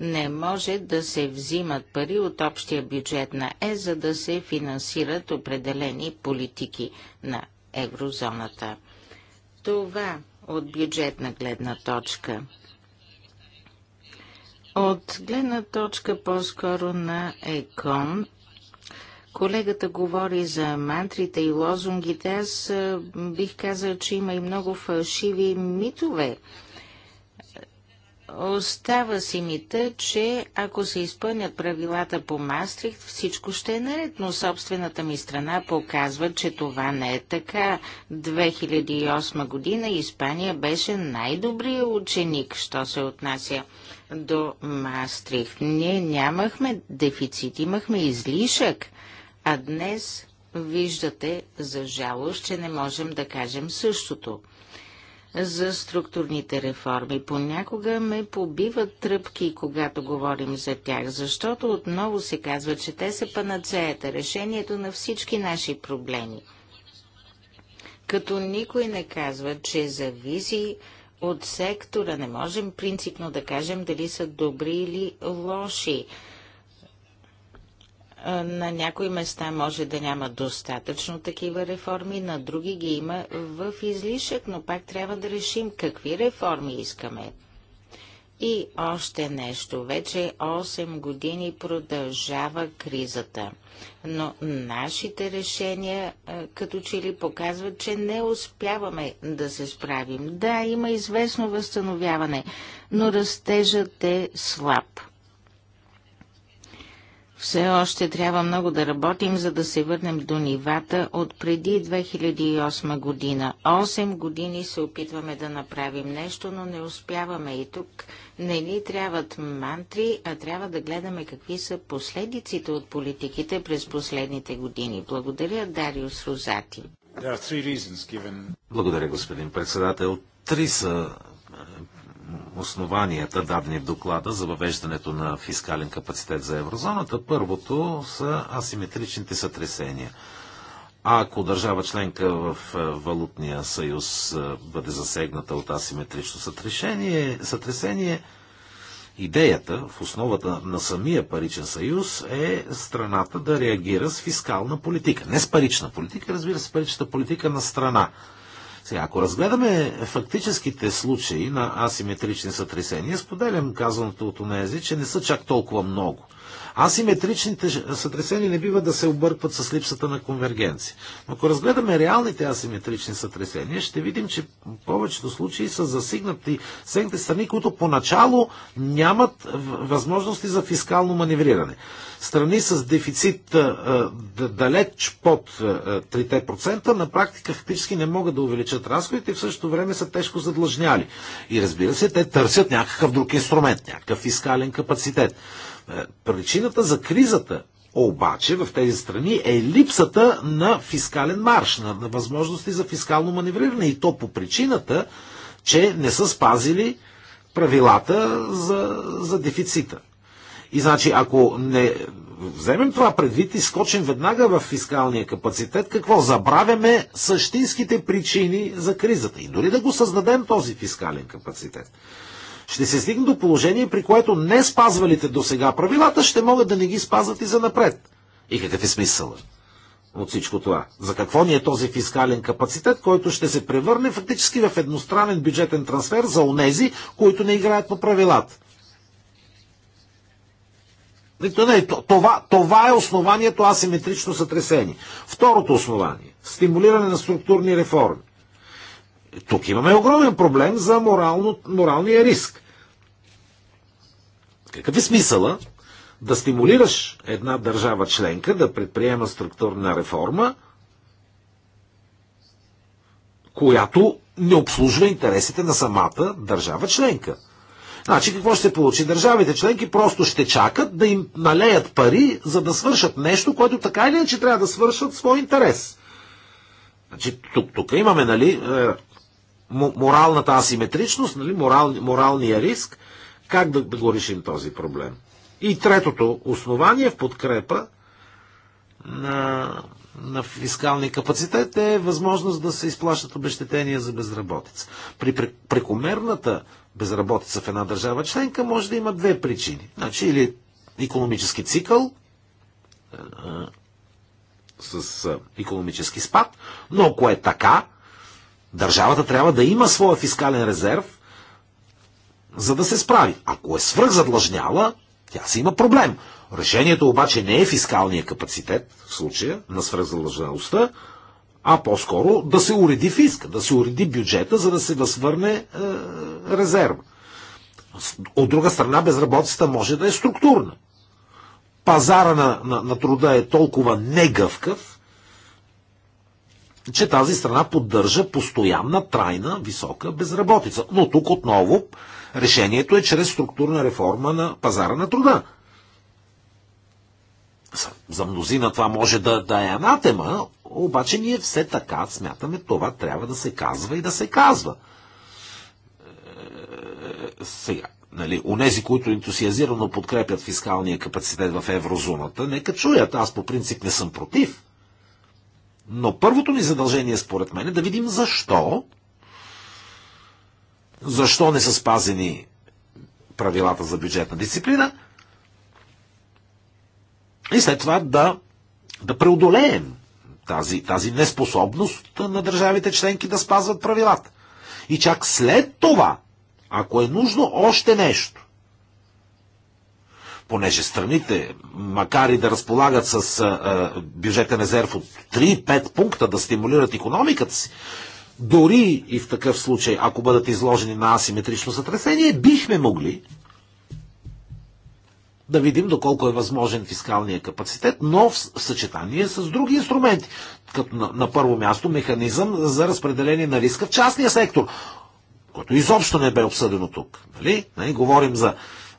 Не може да се взимат пари от общия бюджет на Е, за да се финансират определени политики на еврозоната. Това от бюджетна гледна точка. От гледна точка по-скоро на ЕКОН, колегата говори за мантрите и лозунгите. Аз бих казал, че има и много фалшиви митове Остава си мита, че ако се изпълнят правилата по Мастрихт, всичко ще е наред, но собствената ми страна показва, че това не е така. 2008 година Испания беше най-добрият ученик, що се отнася до Мастрихт. Ние нямахме дефицит, имахме излишък, а днес виждате за жалост, че не можем да кажем същото за структурните реформи. Понякога ме побиват тръпки, когато говорим за тях, защото отново се казва, че те са панацеята, решението на всички наши проблеми. Като никой не казва, че зависи от сектора, не можем принципно да кажем дали са добри или лоши. На някои места може да няма достатъчно такива реформи, на други ги има в излишък, но пак трябва да решим какви реформи искаме. И още нещо. Вече 8 години продължава кризата. Но нашите решения като че ли показват, че не успяваме да се справим. Да, има известно възстановяване, но растежът е слаб. Все още трябва много да работим, за да се върнем до нивата от преди 2008 година. 8 години се опитваме да направим нещо, но не успяваме и тук. Не ни трябват мантри, а трябва да гледаме какви са последиците от политиките през последните години. Благодаря, Дариус Розати. Given... Благодаря, господин председател. Три са основанията, дадени в доклада за въвеждането на фискален капацитет за еврозоната. Първото са асиметричните сътресения. А ако държава членка в е, валутния съюз е, бъде засегната от асиметрично сътресение, сътресение идеята в основата на самия паричен съюз е страната да реагира с фискална политика. Не с парична политика, разбира се, паричната политика на страна сега, ако разгледаме фактическите случаи на асиметрични сътресения, споделям казаното от онези, че не са чак толкова много – Асиметричните сътресения не бива да се объркват с липсата на конвергенция. Но ако разгледаме реалните асиметрични сътресения, ще видим, че в повечето случаи са засигнати сенките страни, които поначало нямат възможности за фискално маневриране. Страни с дефицит далеч под 3% на практика фактически не могат да увеличат разходите и в същото време са тежко задлъжняли. И разбира се, те търсят някакъв друг инструмент, някакъв фискален капацитет. Е, причината за кризата обаче в тези страни е липсата на фискален марш, на, на възможности за фискално маневриране и то по причината, че не са спазили правилата за, за дефицита. И значи, ако не вземем това предвид и скочим веднага в фискалния капацитет, какво? Забравяме същинските причини за кризата. И дори да го създадем този фискален капацитет ще се стигне до положение, при което не спазвалите до сега правилата ще могат да не ги спазват и за напред. И какъв е смисълът от всичко това? За какво ни е този фискален капацитет, който ще се превърне фактически в едностранен бюджетен трансфер за онези, които не играят по правилата? Е- това, това е основанието асиметрично сътресение. Второто основание – стимулиране на структурни реформи тук имаме огромен проблем за морално, моралния риск. Какъв е смисъла да стимулираш една държава членка да предприема структурна реформа, която не обслужва интересите на самата държава членка? Значи какво ще се получи? Държавите членки просто ще чакат да им налеят пари, за да свършат нещо, което така или иначе трябва да свършат свой интерес. Значи, тук, тук имаме, нали, е, моралната асиметричност, нали, морал, моралния риск, как да, да го решим този проблем. И третото основание в подкрепа на, на фискалния капацитет е възможност да се изплащат обещетения за безработица. При прекомерната безработица в една държава членка може да има две причини. Значи или економически цикъл, с економически спад, но ако е така, Държавата трябва да има своя фискален резерв, за да се справи. Ако е свръхзадлъжняла, тя си има проблем. Решението обаче не е фискалния капацитет, в случая на свръхзадлъжнялостта, а по-скоро да се уреди фиска, да се уреди бюджета, за да се възвърне е, резерва. От друга страна, безработицата може да е структурна. Пазара на, на, на труда е толкова негъвкъв, че тази страна поддържа постоянна, трайна, висока безработица. Но тук отново решението е чрез структурна реформа на пазара на труда. За мнозина това може да, да е анатема, обаче ние все така смятаме това трябва да се казва и да се казва. Е, сега, нали, онези, които ентусиазирано подкрепят фискалния капацитет в еврозоната, нека чуят. Аз по принцип не съм против. Но първото ни задължение, според мен, е да видим защо. Защо не са спазени правилата за бюджетна дисциплина. И след това да, да преодолеем тази, тази неспособност на държавите членки да спазват правилата. И чак след това, ако е нужно още нещо, понеже страните, макар и да разполагат с бюджетен резерв от 3-5 пункта да стимулират економиката си, дори и в такъв случай, ако бъдат изложени на асиметрично сътресение, бихме могли да видим доколко е възможен фискалния капацитет, но в съчетание с други инструменти, като на, на първо място механизъм за разпределение на риска в частния сектор, който изобщо не бе обсъдено тук. Нали? Нали? Говорим за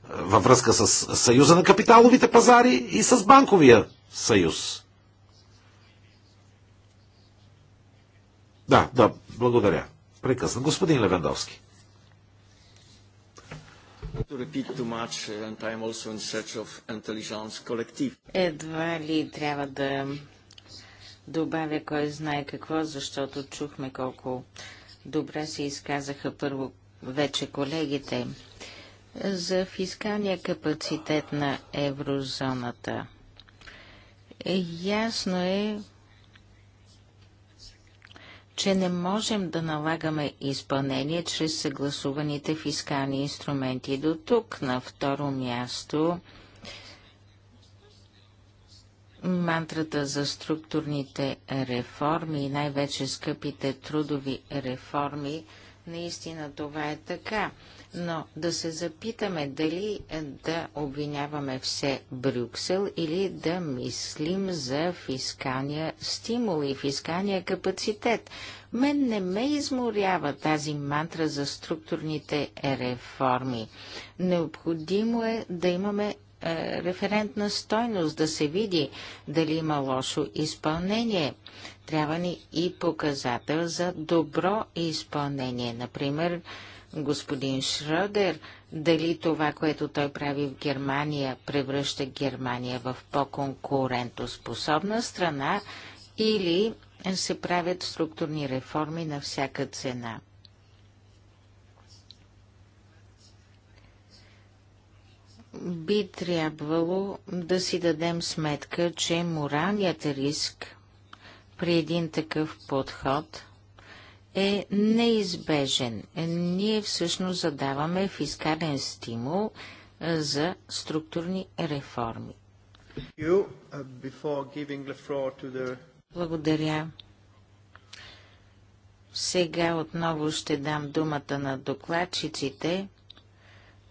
във връзка с Съюза на капиталовите пазари и с Банковия съюз. Да, да, благодаря. Прекъсна. Господин Левендовски. Uh, Едва ли трябва да добавя кой знае какво, защото чухме колко добре се изказаха първо вече колегите за фискалния капацитет на еврозоната. Е, ясно е, че не можем да налагаме изпълнение чрез съгласуваните фискални инструменти. До тук на второ място мантрата за структурните реформи и най-вече скъпите трудови реформи. Наистина това е така но да се запитаме дали е, да обвиняваме все Брюксел или да мислим за фискалния стимул и фискалния капацитет. Мен не ме изморява тази мантра за структурните реформи. Необходимо е да имаме е, референтна стойност, да се види дали има лошо изпълнение. Трябва ни и показател за добро изпълнение. Например, господин Шродер, дали това, което той прави в Германия, превръща Германия в по-конкурентоспособна страна или се правят структурни реформи на всяка цена. Би трябвало да си дадем сметка, че моралният риск при един такъв подход – е неизбежен. Ние всъщност задаваме фискален стимул за структурни реформи. Uh, Благодаря. Сега отново ще дам думата на докладчиците,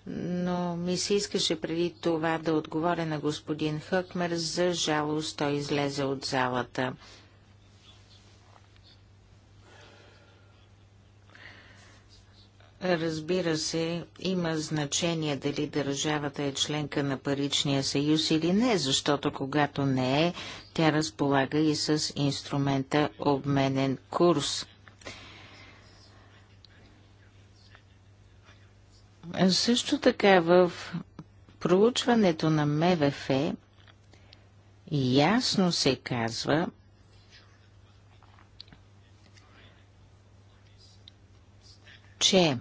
но ми се искаше преди това да отговоря на господин Хъкмер. За жалост той излезе от залата. Разбира се, има значение дали държавата е членка на паричния съюз или не, защото когато не е, тя разполага и с инструмента обменен курс. Също така в проучването на МВФ ясно се казва, че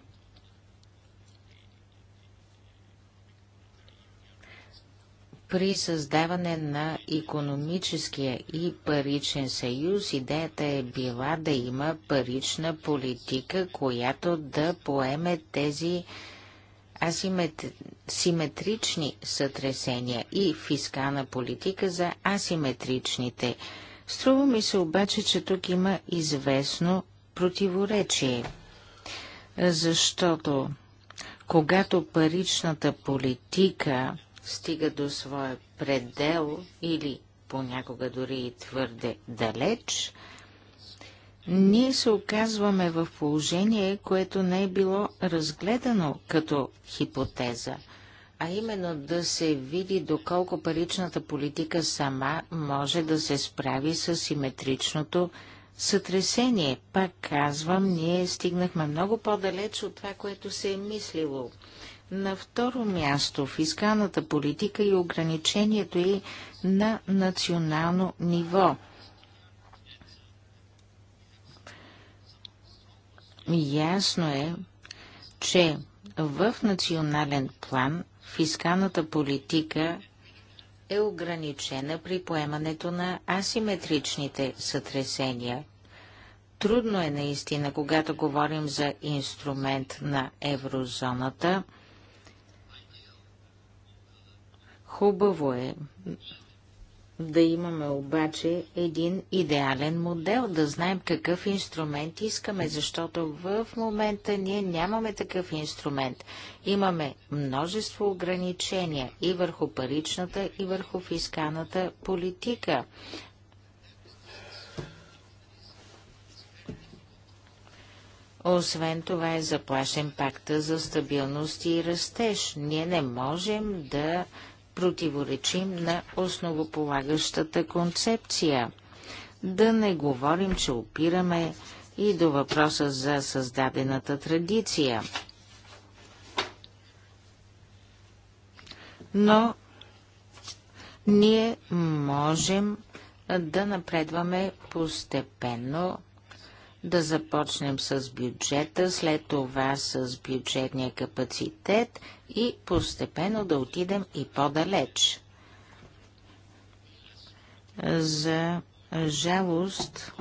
При създаване на економическия и паричен съюз идеята е била да има парична политика, която да поеме тези асиметрични симетрични сътресения и фискална политика за асиметричните. Струва ми се обаче, че тук има известно противоречие, защото когато паричната политика стига до своя предел или понякога дори и твърде далеч, ние се оказваме в положение, което не е било разгледано като хипотеза, а именно да се види доколко паричната политика сама може да се справи с симетричното сътресение. Пак казвам, ние стигнахме много по-далеч от това, което се е мислило. На второ място, фискалната политика и ограничението и на национално ниво. Ясно е, че в национален план фискалната политика е ограничена при поемането на асиметричните сътресения. Трудно е наистина, когато говорим за инструмент на еврозоната – Хубаво е да имаме обаче един идеален модел, да знаем какъв инструмент искаме, защото в момента ние нямаме такъв инструмент. Имаме множество ограничения и върху паричната, и върху фискалната политика. Освен това е заплашен пакта за стабилност и растеж. Ние не можем да противоречим на основополагащата концепция. Да не говорим, че опираме и до въпроса за създадената традиция. Но ние можем да напредваме постепенно да започнем с бюджета, след това с бюджетния капацитет и постепенно да отидем и по-далеч. За жалост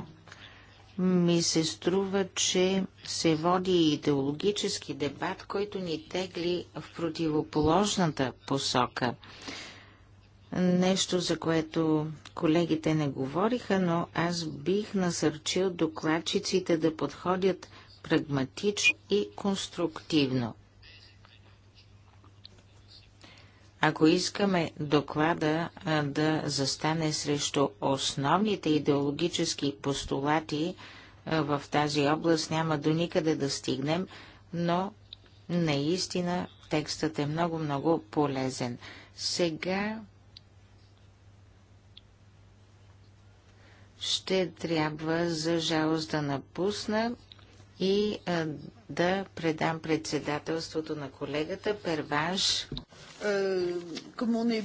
ми се струва, че се води идеологически дебат, който ни тегли в противоположната посока. Нещо, за което колегите не говориха, но аз бих насърчил докладчиците да подходят прагматично и конструктивно. Ако искаме доклада да застане срещу основните идеологически постулати в тази област, няма до никъде да стигнем, но наистина текстът е много-много полезен. Сега ще трябва за жалост да напусна и а, да предам председателството на колегата Перванш. Е, е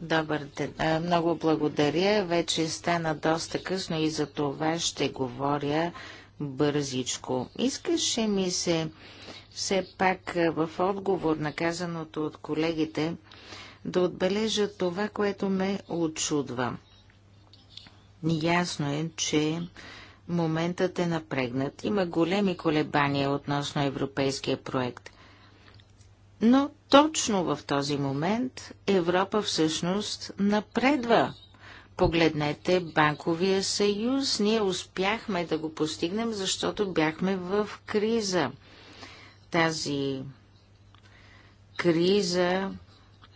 Добър ден. Uh, много благодаря. Вече стана доста късно и за това ще говоря бързичко. Искаше ми се все пак в отговор на казаното от колегите да отбележа това, което ме очудва – Ясно е, че моментът е напрегнат. Има големи колебания относно европейския проект. Но точно в този момент Европа всъщност напредва. Погледнете Банковия съюз. Ние успяхме да го постигнем, защото бяхме в криза. Тази криза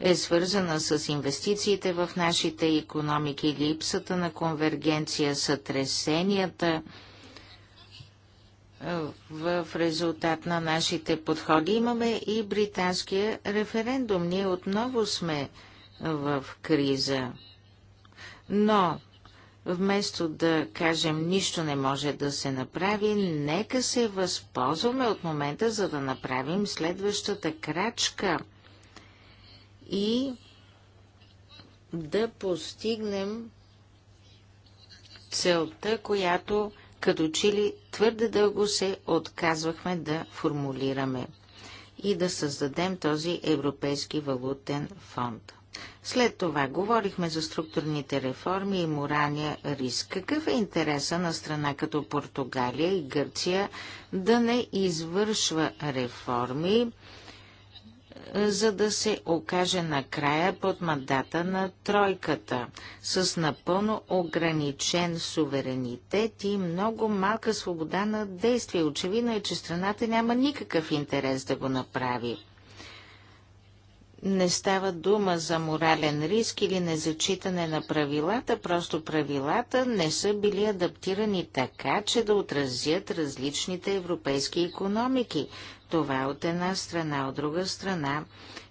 е свързана с инвестициите в нашите економики, липсата на конвергенция, сътресенията е, в резултат на нашите подходи. Имаме и британския референдум. Ние отново сме в криза. Но вместо да кажем нищо не може да се направи, нека се възползваме от момента, за да направим следващата крачка – и да постигнем целта, която като че ли твърде дълго се отказвахме да формулираме и да създадем този Европейски валутен фонд. След това говорихме за структурните реформи и моралния риск. Какъв е интереса на страна като Португалия и Гърция да не извършва реформи, за да се окаже накрая под мандата на тройката, с напълно ограничен суверенитет и много малка свобода на действие. Очевидно е, че страната няма никакъв интерес да го направи. Не става дума за морален риск или незачитане на правилата, просто правилата не са били адаптирани така, че да отразят различните европейски економики. Това е от една страна, от друга страна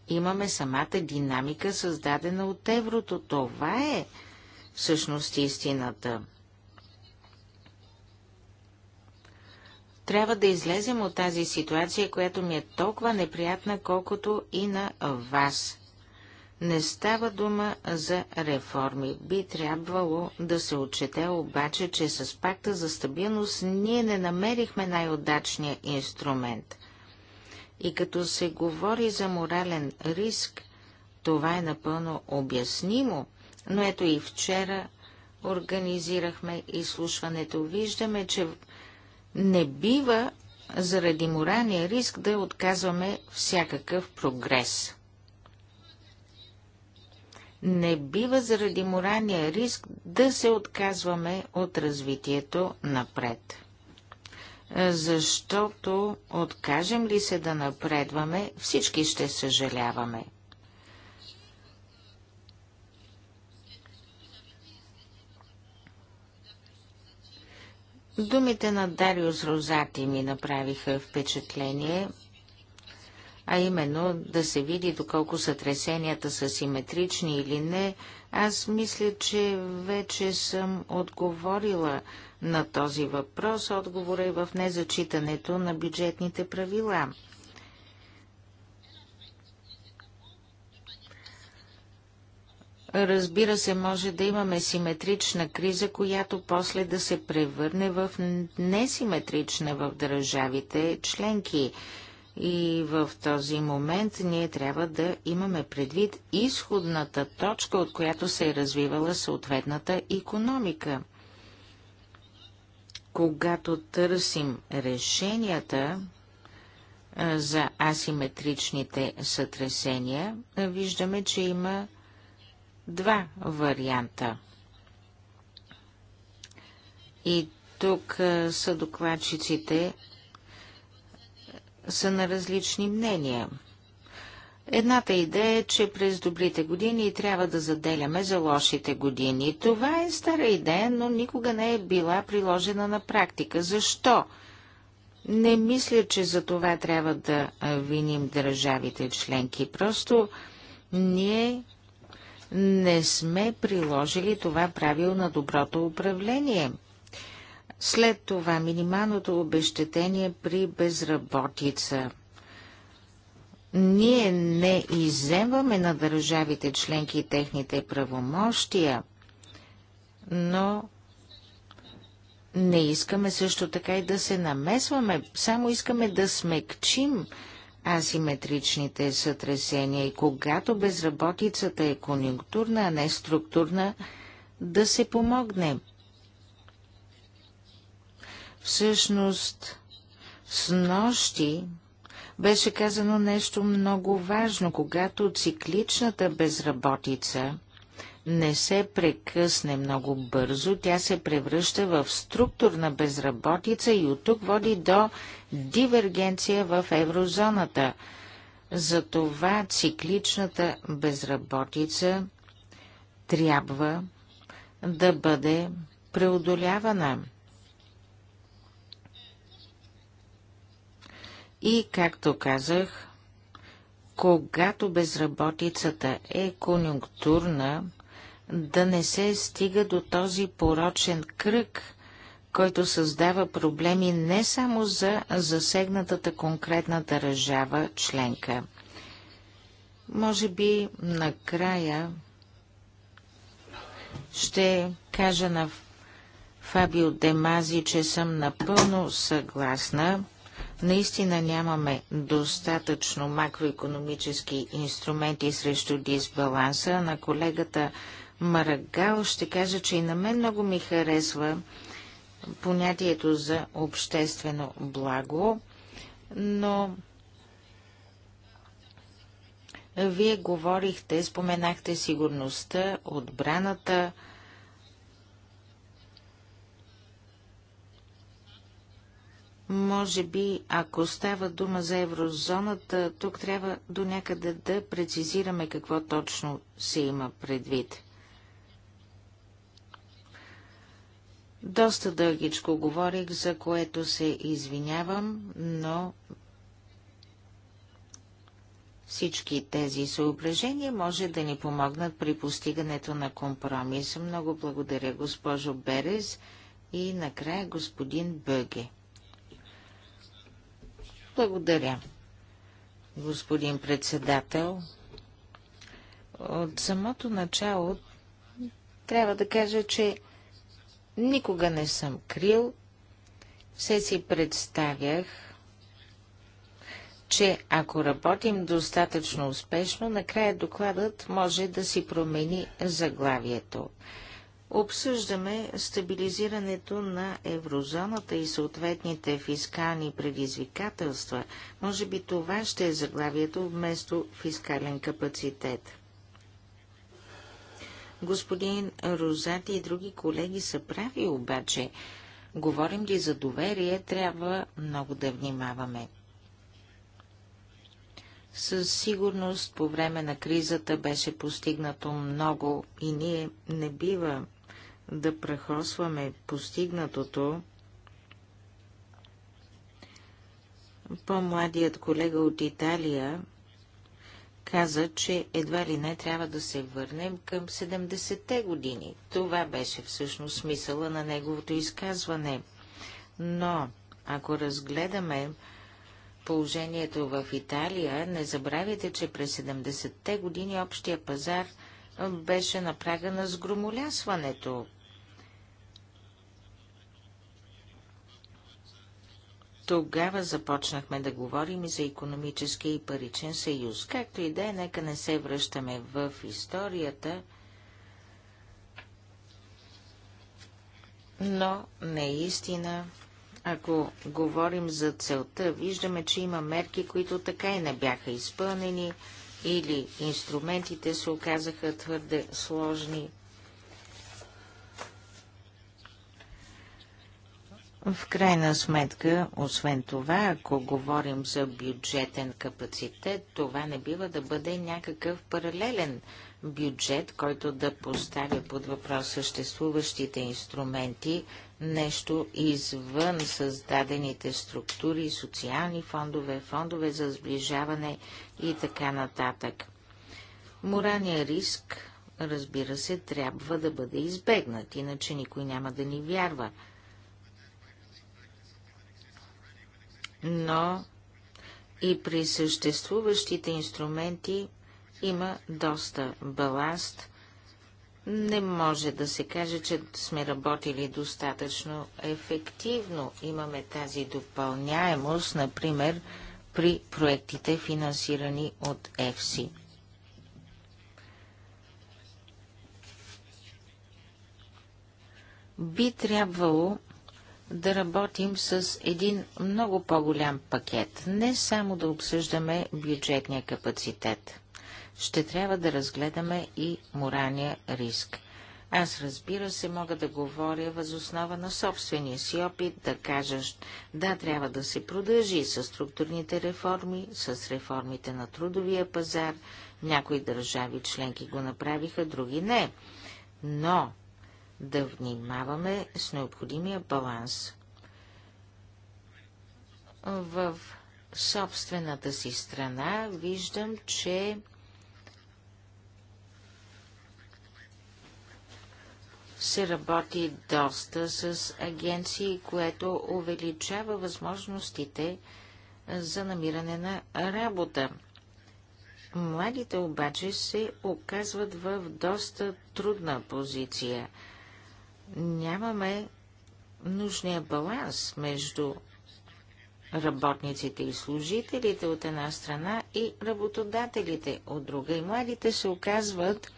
имаме самата динамика, създадена от еврото. Това е всъщност истината. Трябва да излезем от тази ситуация, която ми е толкова неприятна, колкото и на вас. Не става дума за реформи. Би трябвало да се отчете обаче, че с пакта за стабилност ние не намерихме най-удачния инструмент – и като се говори за морален риск, това е напълно обяснимо, но ето и вчера организирахме изслушването. Виждаме, че не бива заради моралния риск да отказваме всякакъв прогрес. Не бива заради моралния риск да се отказваме от развитието напред защото откажем ли се да напредваме, всички ще съжаляваме. Думите на Дариус Розати ми направиха впечатление, а именно да се види доколко сътресенията са симетрични или не. Аз мисля, че вече съм отговорила на този въпрос. отговора е в незачитането на бюджетните правила. Разбира се, може да имаме симетрична криза, която после да се превърне в несиметрична в държавите членки. И в този момент ние трябва да имаме предвид изходната точка, от която се е развивала съответната економика когато търсим решенията за асиметричните сътресения, виждаме, че има два варианта. И тук съдокладчиците са на различни мнения. Едната идея е, че през добрите години трябва да заделяме за лошите години. Това е стара идея, но никога не е била приложена на практика. Защо? Не мисля, че за това трябва да виним държавите членки. Просто ние не сме приложили това правило на доброто управление. След това минималното обещетение при безработица – ние не иземваме на държавите членки и техните правомощия, но не искаме също така и да се намесваме, само искаме да смекчим асиметричните сътресения и когато безработицата е конъюнктурна, а не структурна, да се помогне. Всъщност, с нощи беше казано нещо много важно. Когато цикличната безработица не се прекъсне много бързо, тя се превръща в структурна безработица и от тук води до дивергенция в еврозоната. Затова цикличната безработица трябва да бъде преодолявана. И, както казах, когато безработицата е конюнктурна, да не се стига до този порочен кръг, който създава проблеми не само за засегнатата конкретна държава членка. Може би накрая ще кажа на Фабио Демази, че съм напълно съгласна Наистина нямаме достатъчно макроекономически инструменти срещу дисбаланса. На колегата Марагал ще кажа, че и на мен много ми харесва понятието за обществено благо, но вие говорихте, споменахте сигурността, отбраната, Може би, ако става дума за еврозоната, тук трябва до някъде да прецизираме какво точно се има предвид. Доста дългичко говорих, за което се извинявам, но всички тези съображения може да ни помогнат при постигането на компромис. Много благодаря, госпожо Берез и накрая господин Бъге. Благодаря, господин председател. От самото начало трябва да кажа, че никога не съм крил. Все си представях, че ако работим достатъчно успешно, накрая докладът може да си промени заглавието. Обсъждаме стабилизирането на еврозоната и съответните фискални предизвикателства. Може би това ще е заглавието вместо фискален капацитет. Господин Розати и други колеги са прави, обаче говорим ли за доверие, трябва много да внимаваме. Със сигурност по време на кризата беше постигнато много и ние не бива да прехосваме постигнатото. По-младият колега от Италия каза, че едва ли не трябва да се върнем към 70-те години. Това беше всъщност смисъла на неговото изказване. Но, ако разгледаме положението в Италия, не забравяйте, че през 70-те години общия пазар беше на прага на сгромолясването. Тогава започнахме да говорим и за Економически и паричен съюз. Както и да е, нека не се връщаме в историята, но наистина, ако говорим за целта, виждаме, че има мерки, които така и не бяха изпълнени или инструментите се оказаха твърде сложни. В крайна сметка, освен това, ако говорим за бюджетен капацитет, това не бива да бъде някакъв паралелен бюджет, който да поставя под въпрос съществуващите инструменти, нещо извън създадените структури, социални фондове, фондове за сближаване и така нататък. Моралният риск, разбира се, трябва да бъде избегнат, иначе никой няма да ни вярва – но и при съществуващите инструменти има доста баласт. Не може да се каже, че сме работили достатъчно ефективно. Имаме тази допълняемост, например, при проектите финансирани от ЕФСИ. Би трябвало да работим с един много по-голям пакет, не само да обсъждаме бюджетния капацитет. Ще трябва да разгледаме и моралния риск. Аз разбира се мога да говоря възоснова на собствения си опит, да кажеш, да, трябва да се продължи с структурните реформи, с реформите на трудовия пазар, някои държави членки го направиха, други не. Но да внимаваме с необходимия баланс. В собствената си страна виждам, че се работи доста с агенции, което увеличава възможностите за намиране на работа. Младите обаче се оказват в доста трудна позиция – нямаме нужния баланс между работниците и служителите от една страна и работодателите от друга. И младите се оказват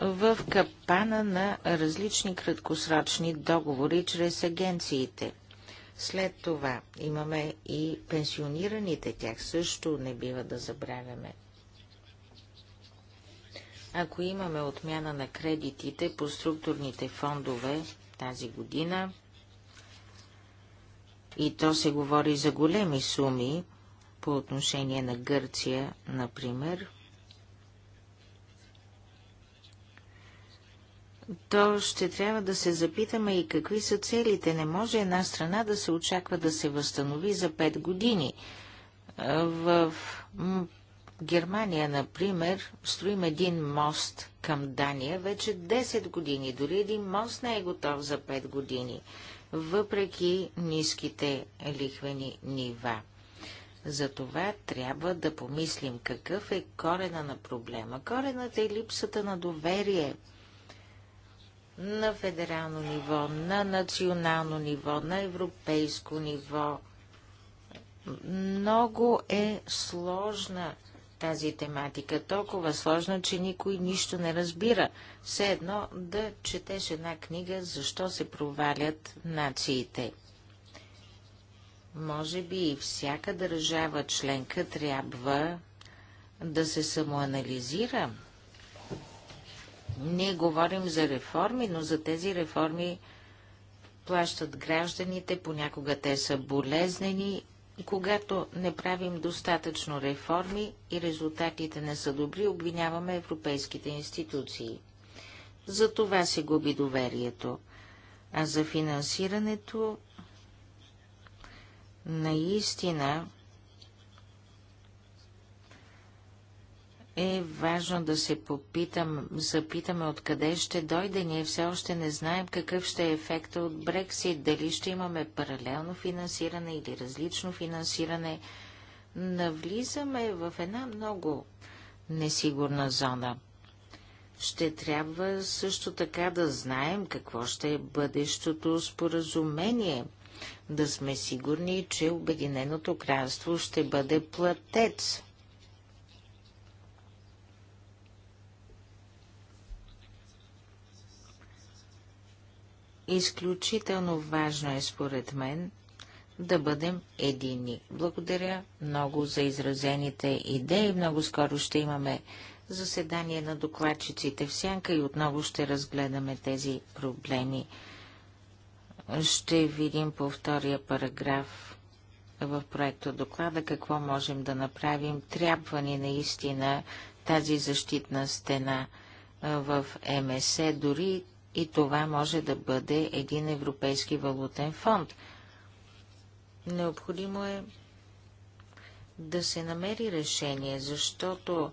в капана на различни краткосрочни договори чрез агенциите. След това имаме и пенсионираните, тях също не бива да забравяме. Ако имаме отмяна на кредитите по структурните фондове тази година, и то се говори за големи суми по отношение на Гърция, например, то ще трябва да се запитаме и какви са целите. Не може една страна да се очаква да се възстанови за 5 години. В Германия, например, строим един мост към Дания вече 10 години. Дори един мост не е готов за 5 години, въпреки ниските лихвени нива. Затова трябва да помислим какъв е корена на проблема. Коренът е липсата на доверие на федерално ниво, на национално ниво, на европейско ниво. Много е сложна тази тематика. Толкова сложна, че никой нищо не разбира. Все едно да четеш една книга «Защо се провалят нациите». Може би и всяка държава членка трябва да се самоанализира. Ние говорим за реформи, но за тези реформи плащат гражданите, понякога те са болезнени когато не правим достатъчно реформи и резултатите не са добри, обвиняваме европейските институции. За това се губи доверието. А за финансирането наистина е важно да се попитам, запитаме откъде ще дойде. Ние все още не знаем какъв ще е ефекта от Брексит, дали ще имаме паралелно финансиране или различно финансиране. Навлизаме в една много несигурна зона. Ще трябва също така да знаем какво ще е бъдещото споразумение да сме сигурни, че Обединеното кралство ще бъде платец. Изключително важно е, според мен, да бъдем едини. Благодаря много за изразените идеи. Много скоро ще имаме заседание на докладчиците в Сянка и отново ще разгледаме тези проблеми. Ще видим по втория параграф в проекта доклада какво можем да направим. Трябва ни наистина тази защитна стена в МСЕ, дори и това може да бъде един европейски валутен фонд. Необходимо е да се намери решение, защото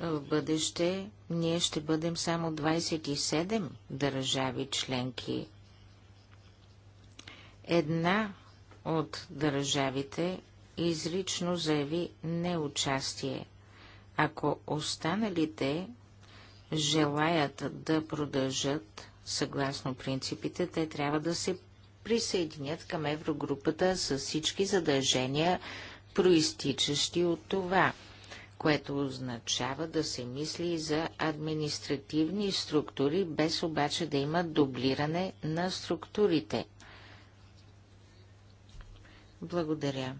в бъдеще ние ще бъдем само 27 държави членки. Една от държавите изрично заяви неучастие. Ако останалите желаят да продължат съгласно принципите, те трябва да се присъединят към еврогрупата с всички задължения, проистичащи от това, което означава да се мисли и за административни структури, без обаче да има дублиране на структурите. Благодаря.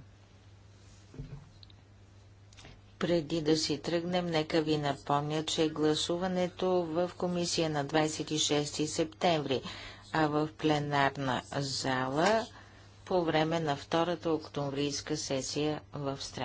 Преди да си тръгнем, нека ви напомня, че гласуването в комисия е на 26 септември, а в пленарна зала по време на втората октомврийска сесия в страна.